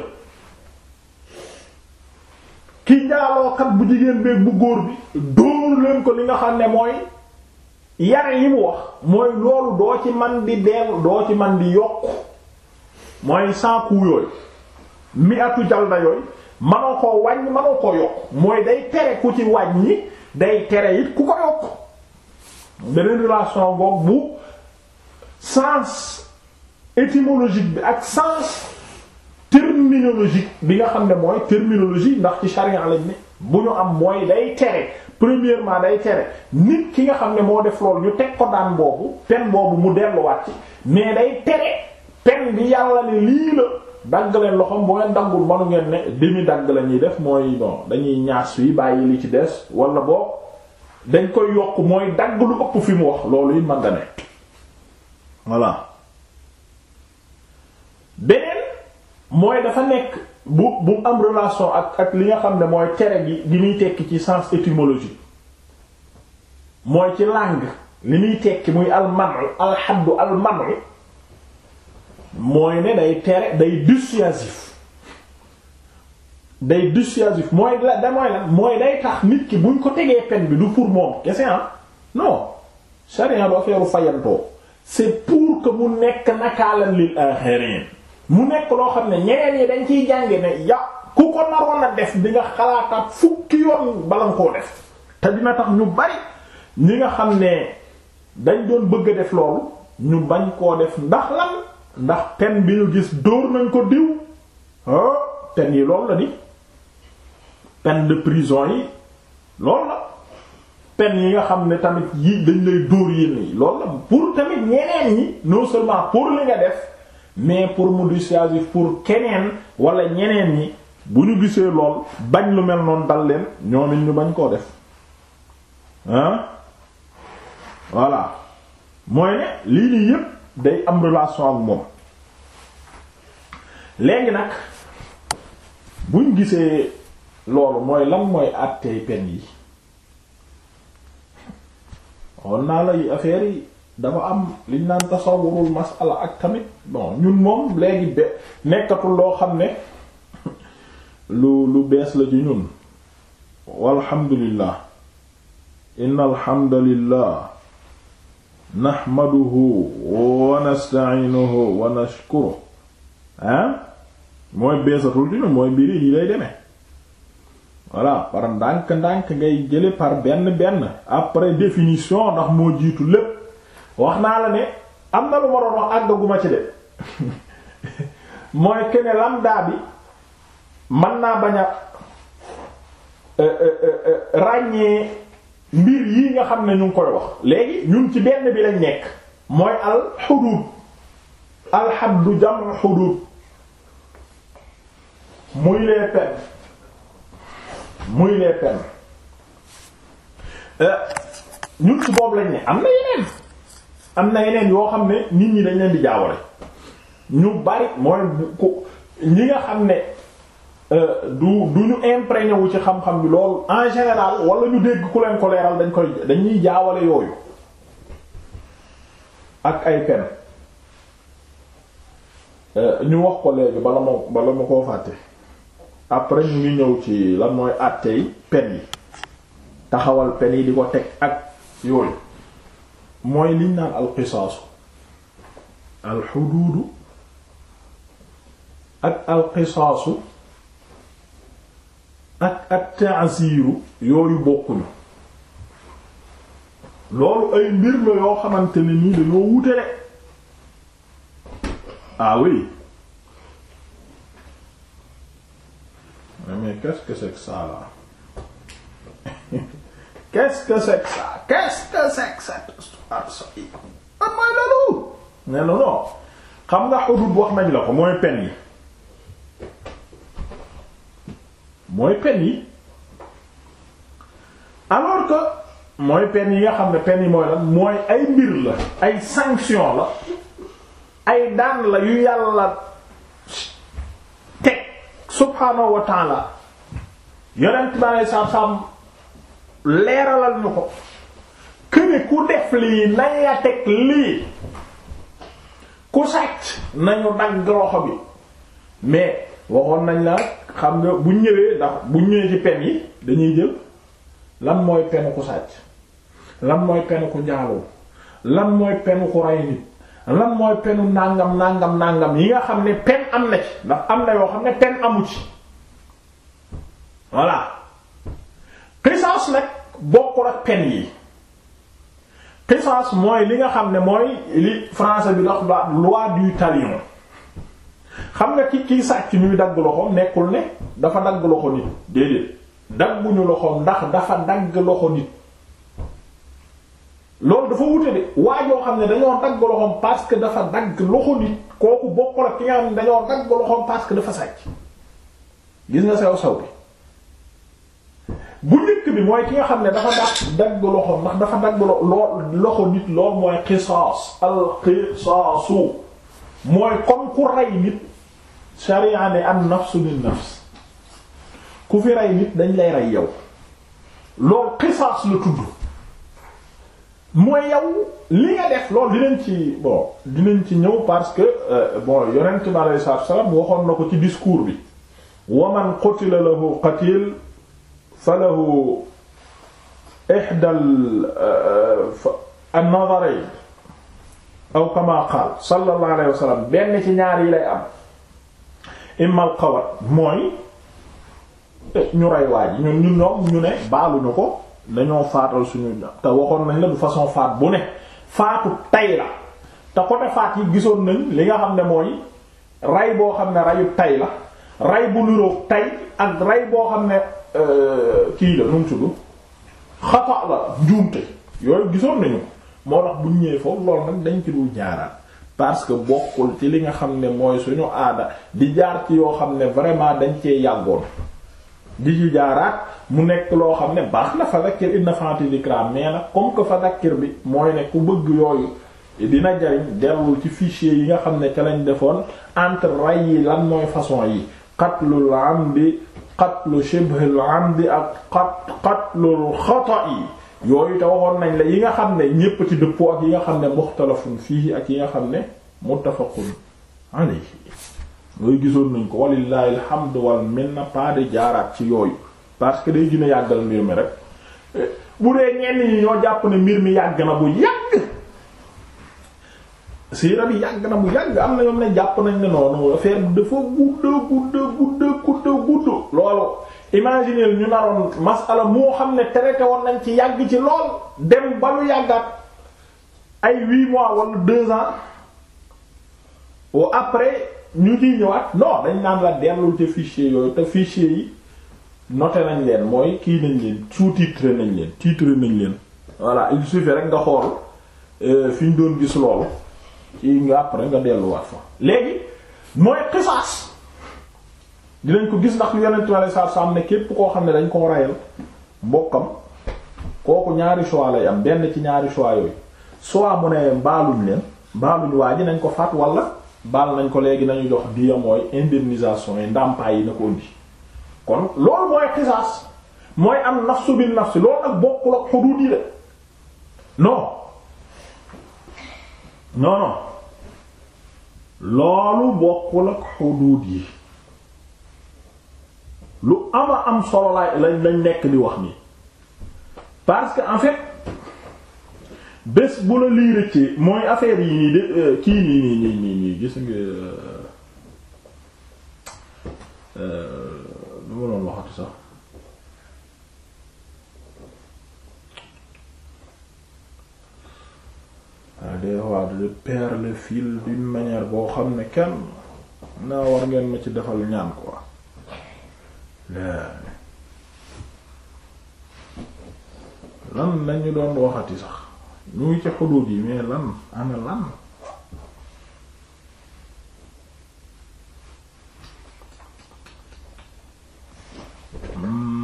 ki njaalookat bu jigéen beeg bu góor bi dóor ko li nga xam ne mooy yar yi mu wax mooy loolu doo ci man di dellu doo ci man di yokk mooy saaku yooyu mi atu jalda yooyu manoo koo wàññi manoo koo yokk mooy day tere ku ci wàññi day tere it ku ko yokk beneen relation boog bu sens étymologique bi ak sens terminologique bi nga xam ne mooy terminologie ndax ci charia lañ ne bu ñu am mooy day tere premièrement day tere nit ki nga xam ne moo def loolu ñu teg ko daan boobu pen boobu mu delluwaat ci mais day tere pen bi yàlla ne lii la dagg leen loxoom bu ngeen daggul manu ngeen ne demi dagg la ñuy def mooy bon dañuy ñaas yi bàyyi li ci des wala boo dañ koy yokk mooy dagg lu ëpp fi mu wax loolu it man da ne voilà beneen mooy dafa nekk bu bu am relation ak ak li nga xam ne mooy cere gi gi muy tekki ci sens étymologique mooy ci langue li muy tekki muy almanu alxaddu almanu mooy ne day tere day dissuasif day dissuasif mooy la da mooy la mooy day tax nit ki buñ ko tegee pen bi du pour moom kese ah non charia ba feeru fayantoo c'est pour que mu nekk nakaalan lil aaxirin mu nekk loo xam ne ñeneen yi dañ ciy jànge ne ya ku ko naroon a def di nga xalaataat fukki yoon bala nga koo def te dina tax ñu bari ñi nga xam ne dañ doon bëgg a def loolu ñu bañ koo def ndax lan ndax pen bi ñu gis dóor nañ ko diw ah pen yi loolu la di peine de prison yi loolu la peine yi nga xam ne tamit yi dañ lay dóor yénn yi loolu la pour tamit ñeneen ñi non seulement pour li nga def mais pour mu dissuasif pour keneen wala ñeneen yi bu ñu gisee lool bañ lu mel noonu dal leen ñoom ñu bañ koo def ah voilà mooy ne lii nii yépp day am relation moom léegi nag buñ gisee loolu mooy lan mooy àttee pen yi won naa lay affaire yi dafa am liñ naan tasawurul masala ak tamit bon ñun moom léegi be nekkatul loo xam ne lu lu bees la ci ñun walhamdulillah inna alhamdulillah naxmaduhu wa nasta'inuhu wa nashkuruhu ah mooy beesatul dina mooy mbiri yi lay demee voilà par ndànk-ndànk ngay jële par benn benn après définition ndax moo jiitu lépp wax naa la ne am na lu ma doon wax àggaguma ci de mooy kene lambda bi mën naa bañ euh, euh, euh, ràññee mbir yi nga xam ne ñu ngi koy wax léegi ñun ci benn bi lañ nekk mooy al xuduud al xaddu jam xuduud muy les peines muy les peines euh, ñun ci boobu lañ ne am na yeneen am na yeneen yoo xam ne nit ñi dañ leen di jaawale ñu bari mooy bu ñi nga xam ne Euh, du du ñu imprégné wu ci xam-xam bi loolu en général wala ñu dégg ku leen ko leeral dañ koy dañuy jaawale yooyu ak ay pen euh, ñu wax ko léegi bala ma bala ma koo fàtte après ñu ngi ñëw ci lan mooy àttey pen yi taxawal pen yi di ko teg ak yooyu mooy liñ naan alxisaasu alxuduudu ak alxisaasu ak ak ta'siru yooyu bokkuñu loolu ay mbir la yoo xamante ne nii dañoo wute rek ah oui mais qu'est-ce que c'est que ça là qu'est-ce que c'est que ça qu'est-ce que c'est que cette histoire ça am ah, mooy loolu ne non non xam nga xudud wax nañ la ko mooy pen yi mooy pen yi alors que mooy pen yi nga xam ne pen yi mooy lan mooy ay mbir la ay sanction la ay daan la yu yàlla teg subhaanahu wa taala yonent bi alei saatu salaam leeralal ñu ko këne ku def lii nañ la teg lii ku sàcc nañu dagg loxo bi mais waxoon nañ la xam nga bu ñëwee ndax bu ñëwee ci pen yi dañuy jël lan mooy penu ku lan mooy penu ku njaaloo lan mooy penu ku rey nit lan mooy penu nàngam nàngam nàngam yi nga xam ne pen am na ci ndax am na yoo xam ne pen amu ci voilà xisaas nag bokkul ak pen yi xisaas mooy li nga xam ne mooy li français bi ndox ba loi du talion xam nga ki kii sàcc ñuy dagg loxoom nekkul ne dafa dagg loxo nit déedéet dagguñu loxoom ndax dafa dagg loxo nit loolu dafa wute waa joo xam ne dañoo dagg loxoom parce que dafa dagg loxo nit kooku bokkul ak ki nga xam ne dañoo dagg loxoom parce dafa sàcc gis nga ki nga xam ne dafa dagg dagg loxoom ndax loxo nit lool mooy xisaas al mooy comme ku rey nit sharia ne an nafsu bin nafs ku fi rey nit dañ lay rey yow loolu xisaas la tudd mooy yow li nga def loolu dinañ ci bon dinañ ci ñëw parce que euh, bon yonent bi aleyhi salaatu wa salaam waxoon na ko ci discours bi wa man qutila lahu qatil fa lahu ihdal euh, an-nazarayn aw kama qaal sallallahu alayhi wa sallam benn ci ñaar yi lay am immal xawat mooy ñu rey waaj ñun ñoom ñu ne baaluñu ko dañoo faatal suñu te waxoon nañ la du façon faat bu ne faatu tay la te côté faat yi gisoon nañ li nga xam ne mooy rey boo xam ne reyu tay la rey bu niroog tay ak rey boo xam ne euh, kii la nu mu tudd xata la njuumte yooyu gisoon nañu moo tax buñ ñëwee foofu loolu nag dañ ci dul jaaraat parce que bokkul ci li nga xam ne mooy suñu aada di jaar ci yoo xam ne vraiment dañ cee yàggoon di ci jaaraat mu nekk loo xam ne baax na fa zakkir inna fa'ati dhikra mais comme que fa bi mooy ne ku bëgg yooyu dina jariñ dellu ci fichier yi nga xam ne ca lañ defoon entre ray yi lan mooy façon yi qatlul amdi qatlu shibhil amdi ak qat qatlul xata yi yooyu te waxoon nañ la yi nga xam ne ñépp ci dëppoo ak yi nga xam ne muxtalafun fii ak yi nga xam ne muttafaqun alayhi yooyu gisoon nañ ko walillahi alhamdu wal minna pas de jaaraat ci yooyu parce que day gin a yàggal mbir mi rek bu dee ñenn ñi ñoo jàpp ne mbir mi yàgg na bu yàgg siira bi yàgg na bu yàgg am na ñoom ne jàpp nañ ne noonu affaire dafa gudda gudda gudda gudda gudd loolu imagineel ñu naroon masala moo xam ne traité woon nañ ci yàgg ci lool dem ba lu yàggat ay huit mois wala deux ans ou après ñu ciy ñëwaat non dañ naan la dellul te fichier yooyu te fichier yi note nañ leen mooy kii nañ leen sous-titré nañ leen titré nañ leen voilà il suffit rek nga xool euh, fi ñu doon gis loolu ci nga après nga delluwaat fa léegi mooy xisaas dinañ ko gis ndax yonent bi alei sa salaam ne képp koo xam ne dañ koo rayal mbokkam kooku ñaari choix lay am benn ci ñaari choix yooyu soit mu ne baaluñ leen baaluñ waa ji nañ ko faat wala baal nañ ko léegi nañu jox diya mooy indemnisation yi ndàmpaay yi na ko indi kon loolu mooy xisaas mooy am nafsu bin nafsi loolu nag bokkul ak xuduud yi de non non loolu bokkul ak xuduud yi lu ama am solo laay lañ nekk di wax nii parce que en fait bés bu la lii rëccee mooy affaire yi nii de euh, kii nii nii nii nii gis nga lu euh, euh, ma doon sax ah, waaw des fois je perds le fil d'une manière boo xam ne kenn naa war ngeen ma ci defal ñaan quoi lan lañu doon waxati sax ñu ngi ci yi mais lan ana lan hmm.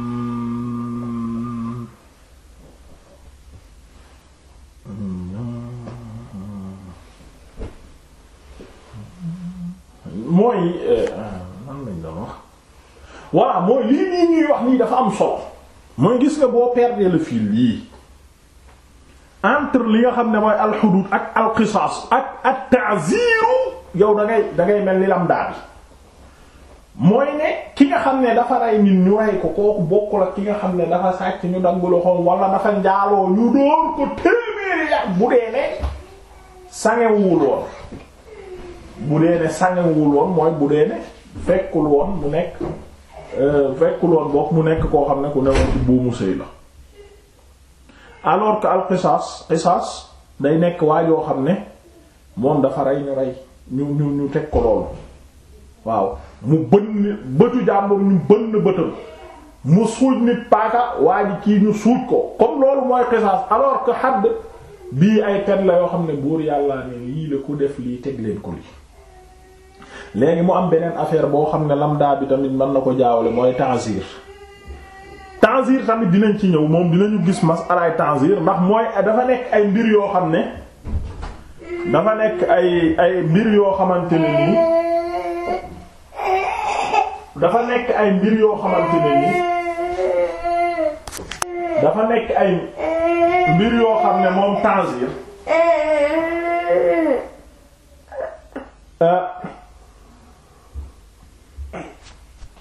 voilà mooy lii nii ñuy wax nii dafa am solo mooy gis nga boo perdre la fil yii entre li nga xam ne mooy alxudud ak alqisaas ak ak ta'ziru yow da ngay mel ni lamdaa bi mooy ne ki nga xam ne dafa rey nit ñu rey ko kooku bokkul ak ki nga xam ne dafa sàcc ñu dagg loxoom wala dafa njaaloo ñu door ko téeméeri yar bu dee ne sangewul woon bu dee ne sangewul woon mooy bu dee ne fekkul woon mu nekk Euh, fekkuloon bokk mu nekk koo xam ne ku newoon ci buumu sëy la alors que al qisaas day nekk waajoo xam ne moom dafa rey ñu rey ñu ñu ñu teg ko loolu waaw mu bënn bëtu jàmbur ñu bënn bëtal mu suuj nit paaka waa kii ñu suuj ko comme loolu mooy qisaas alors que xadd bii ay pen la yoo xam ne buur yàlla ne lii la ku def lii teg leen ko lii léegi mu am beneen affaire boo xam ne lamda bi tamit man na ko jaawale mooy ta'zir ta'zir tamit dinañ ci ñëw moom dinañu gis masalaay ta'zir ndax mooy dafa nekk ay mbir yoo xam ne dafa nekk ay ay mbir yoo xamante ne ni dafa nekk ay mbir yoo xamante dafa nekk ay mbir yoo xam ne moom ta'zir euh,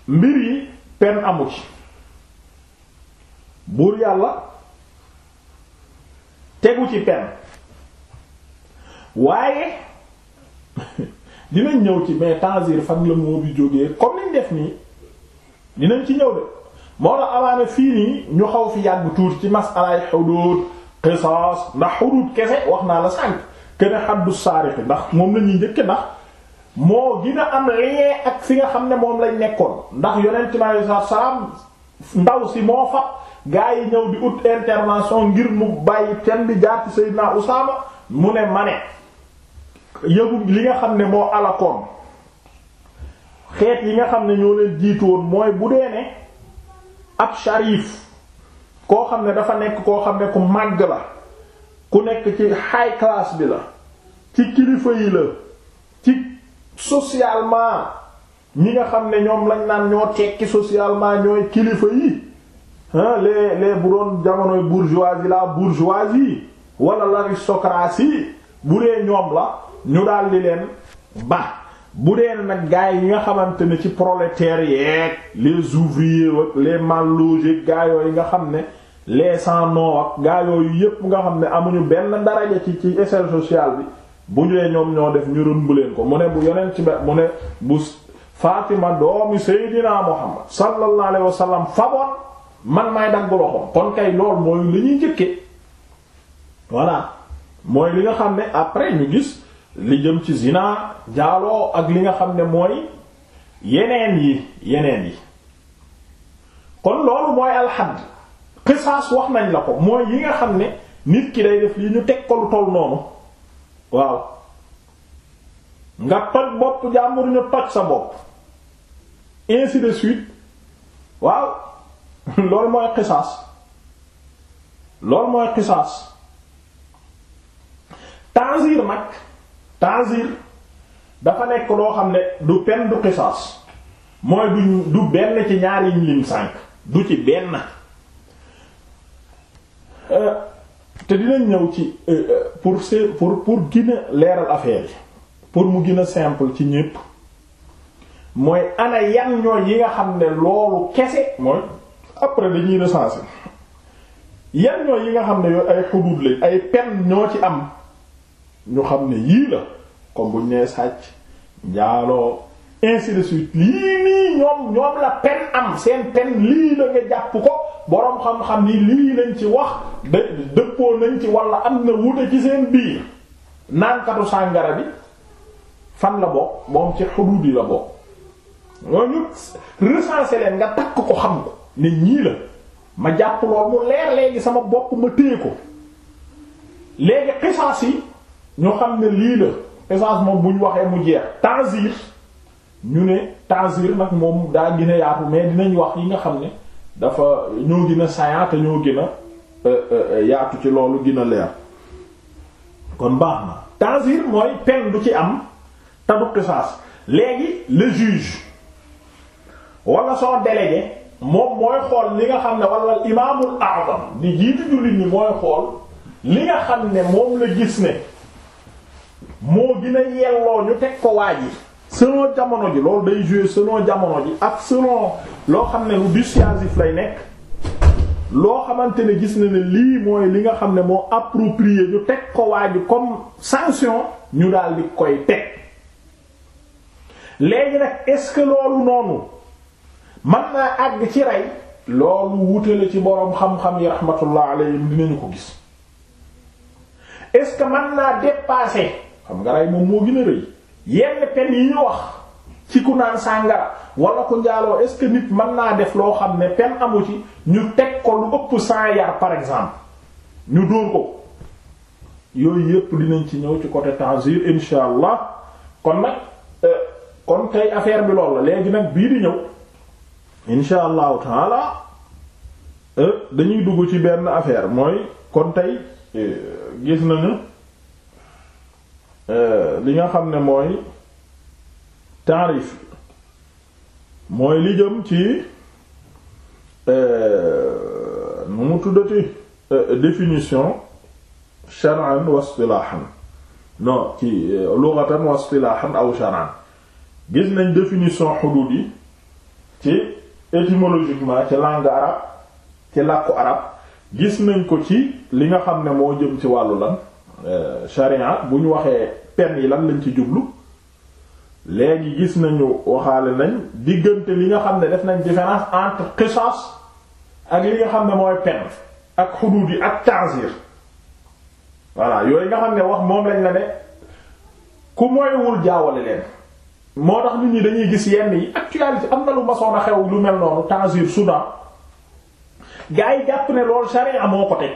mbir yi pen amu ci buur yàlla tegu ci pen waaye dinañ ñëw ci mais tanzir fan la moo bi jógee comme niñ def nii dinañ ci ñëw de moo la amaana fii nii ñu xaw fi yàgg tuuti ci masalaay xuduud qisaas ndax xuduud kese wax naa la sànq kene xaddu saarixi ndax moom la njëkke ndax moo dina am lien ak fi nga xam ne moom lañ nekkoon ndax yonent mi alayhi salaam ndaw si moo fa gaa yi ñëw di ut intervention ngir mu bàyyi kenn di jaar ci Seydina Usaama mu ne ma yëgu li nga xam ne moo alakoon xeet yi nga xam ne ñoo leen jiitu woon mooy bu dee ne ab sharif koo xam ne dafa nekk koo xam ne ku màgg la ku nekk ci high class bi la ci kilifa yi la socialement ñi nga xam ne ñoom lañ naan ñoo tekki socialement ñooy kilifa yi hein les les bu doon jamonoy bourgeoisie la bourgeoisie wala l'aristocratie bu dee ñoom la ñu daal di leen ba bu dee nag gaay yi nga xamante ne ci prolétaires yeeg les ouvriers ak les mal logés yi nga xam ne les sans nom ak gaay yooyu yépp nga xam ne amuñu benn daraja ci ci échelle sociale bi bu ñëwee ñoom ñoo def ñu rëmb leen ko mu ne bu yonent ci mu ne bu Fatima doomi Seydina Muhammad sallallahu alayhi wa sallam faboon man maay dagg loxoom kon kay lool mooy li ñuy njëkkee voilà mooy li nga xam ne après ñu gis li jëm ci zina jaaloo ak li nga xam ne mooy yeneen yi yeneen yi kon loolu mooy alxadd xisaas wax nañ la ko mooy yi nga xam ne nit ki day def lii ñu teg ko lu toll noonu. waaw nga toj bopp jàmbur toj sa bopp ainsi de suite waaw lool mooy xisaas loolu mooy xisaas tanzir nag tanzir dafa nekk loo xam ne du pen du xisaas mooy du du benn ci ñaari lim sànk du ci benn euh, te dinañ ñëw ci euh, euh, pour se pour pour gën leeral affaire yi pour mu gën a simple ci ñépp mooy ana yan ñooy yi nga xam ne loolu kese mooy après dañuy recenser yan ñooy yi nga xam ne yooyu ay xuduud lañ ay pen ñoo ci am ñu xam ne yii la comme buñ nee sàcc njaaloo ainsi de suite lii nii ñoom ñoom la pen am seen pen lii la jàpp ko boroom xam-xam ni lii lañ ci wax da dëppoo nañ ci walla am na wute ci seen biir naankatu sàngara bi fan la bokk moom ci xuduud yi la bokk ñoo ñu leen nga takk ko xam ko ne ñii la ma jàpp lool mu leer léegi sama bokk ma téye ko léegi xisaas yi ñoo xam ne lii la xisaas moom buñ waxee mu jeex tanzir ñu ne tanzir nag moom daa gën a yaatu mais dinañ wax yi nga xam ne dafa ñoo gën a saillant te ñoo gën a euh, euh, euh, yaatu ci loolu gën a leer kon baax na tasir mooy peine du ci am te léegi le juge wala son délégué moom mooy xool li nga xam ne wala imaamul a'zam di jiitu jullit ñi mooy xool li nga xam ne moom la gis ne moo gën a yelloo ñu teg ko waaj yi selon jamono ji loolu day jouer selon jamono ji ak selon loo xam ne lu dissuasif lay nekk loo xamante ne gis na ne lii mooy li nga xam ne moo approprié ñu teg ko waaju comme sanction ñu daal di koy teg léegi nag est-ce que loolu noonu mën naa àgg ci rey loolu wutale ci boroom xam-xam yi rahmatullah alayhim dinañu ko gis est-ce que mën naa dépasser xam nga rey moom moo gën a rëy yenn pen yi ñu wax ci ku naan sàngara wala ku njaaloo est-ce que nit man naa def loo xam ne pen amu ci ñu teg kon ëpp cent yar par exemple ñu dóor ko yooyu yépp dinañ ci ñëw ci côté ta'zir insha allah kon nag euh, kon tey affaire bi lool la léegi nag bii di ñëw insha allahu taala euh, dañuy dugg ci benn affaire mooy kon tey euh, gis nañu Euh, li nga xam ne mooy taarif mooy li jëm ci euh, nu mu tuddati euh, définition shar'an wa istilahan non ci lughatan wa istilahan aw shar'an gis nañ définition xuduud yi ci étymologiquement ci langue arabe ci làkku arab gis nañ ko ci li nga xam ne moo jëm ci wàllu la Euh, sharia bu ñu waxee pen yi lan lañ ci jublu léegi gis nañu waxaale nañ diggante li nga xam ne def nañ différence entre qisas ak li nga xam ne mooy pen ak xuduud yi ak ta'zir voilà yooyu nga xam ne wax moom lañ la ne ku moywul jaawale leen moo tax nit ñi dañuy gis yenn yi actualité am na lu masoon a xew lu mel noonu ta'zir Soudan gaa yi jàpp ne loolu sharia moo ko teg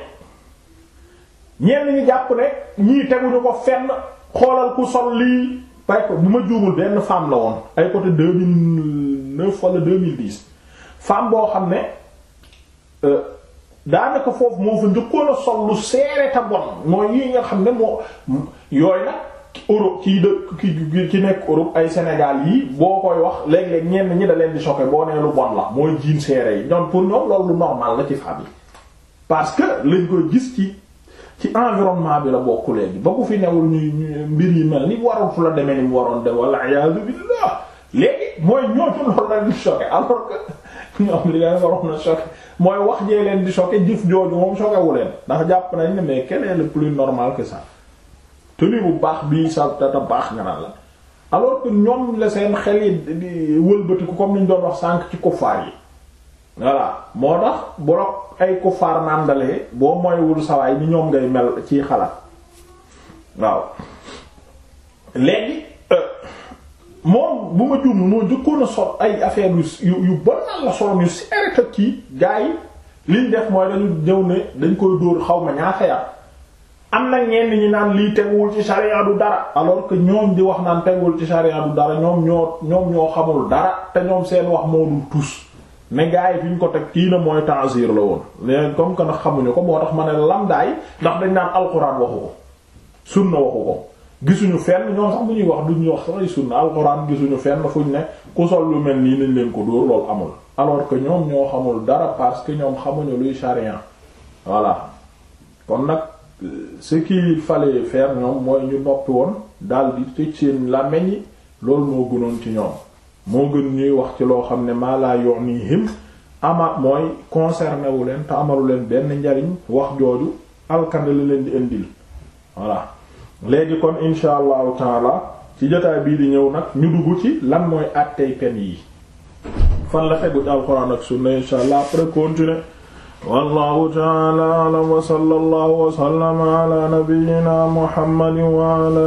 ñenn ñi jàpp ne ñii teguñu ko fenn xoolal ku sol lii parce que bi ma juumul benn femme la woon ay côté deux mille neuf wala deux mille dix femme boo xam ne euh, daanaka foofu moo fa njëkkoon a sol lu seere ta bon mooy yi nga xam ne moo yooyu nag Europe kii dëkk ki ki nekk Europe ay Sénégal yii boo koy wax léeg-léeg ñenn ñi da leen di choquer boo nee lu bon la mooy jiin seere yi ñoom pour ñoom loolu lu normal la ci femme yi parce que lañ koy gis ci. ci environnement bi la bokk léegi ba ku fi newul ñuy mbir yi mel ni warul fu la demee ni mu waroon de wala iyaadu billah léegi mooy ñooñu loolu la ñu choqué alors que ñoom li nga waroon na choqué mooy wax jee leen di choqué jëf jooju moom choqué wu ndax jàpp nañ ne mais keneen est le plus normal que ça tenu bu baax bii sa data baax nga naan la alors que ñoom la seen xel yi wëlbatiku comme ni ñu doon wax sànq ci kuffaar yi. voilà moo tax borog ay kuffaar nàndalee boo moywul sawaay ni ñoom ngay mel ci xalaat waaw léegi euh, moom bu ma jum moo jëkkoon a sol ay affaire yu yu bon naan la solom yu seere tëkk kii gaa yi liñ def mooy dañu ñëw ne dañ koy dóor xaw ma ñaata yar am na ñenn ñi naan liy teguwul ci sharia du dara alors que ñoom di wax naan teguwul ci sharia du dara ñoom ñoo ñoom ñoo xamul dara te ñoom seen wax moo dul tus mais gars yi fi ko teg kii na mooy ta'zir la woon mais comme que nag xamuñu ko moo tax ma ne lamdaay ndax dañ naan alxuraan waxu ko sunna waxu ko gisuñu fenn ñoom sax bu ñuy wax duñu wax sax sunna alxuraan gisuñu fenn fuñ ne ku sol lu mel nii nañ leen ko dóor loolu amul alors que ñoom ñoo xamul dara parce que ñoom xamuñu luy charia voilà kon nag ce qu'il fallait faire ñoom mooy ñu noppi woon daal di tëj seen làmmiñ yi loolu moo gënoon ci ñoom moo gën ñuy wax ci loo xam ne maa laa yu'nihim ama mooy concerné leen te amalu leen benn njariñ wax jooju alkande la leen di indil voilà léegi kon insha allahu taala ci jotaay bii di ñëw nag ñu dugg ci lan mooy àttey pen yi fan la tegu ci alxuraan ak sunna insha allah après continuer wallahu taala wa sallallahu wa sallama ala nabiyyina wa ala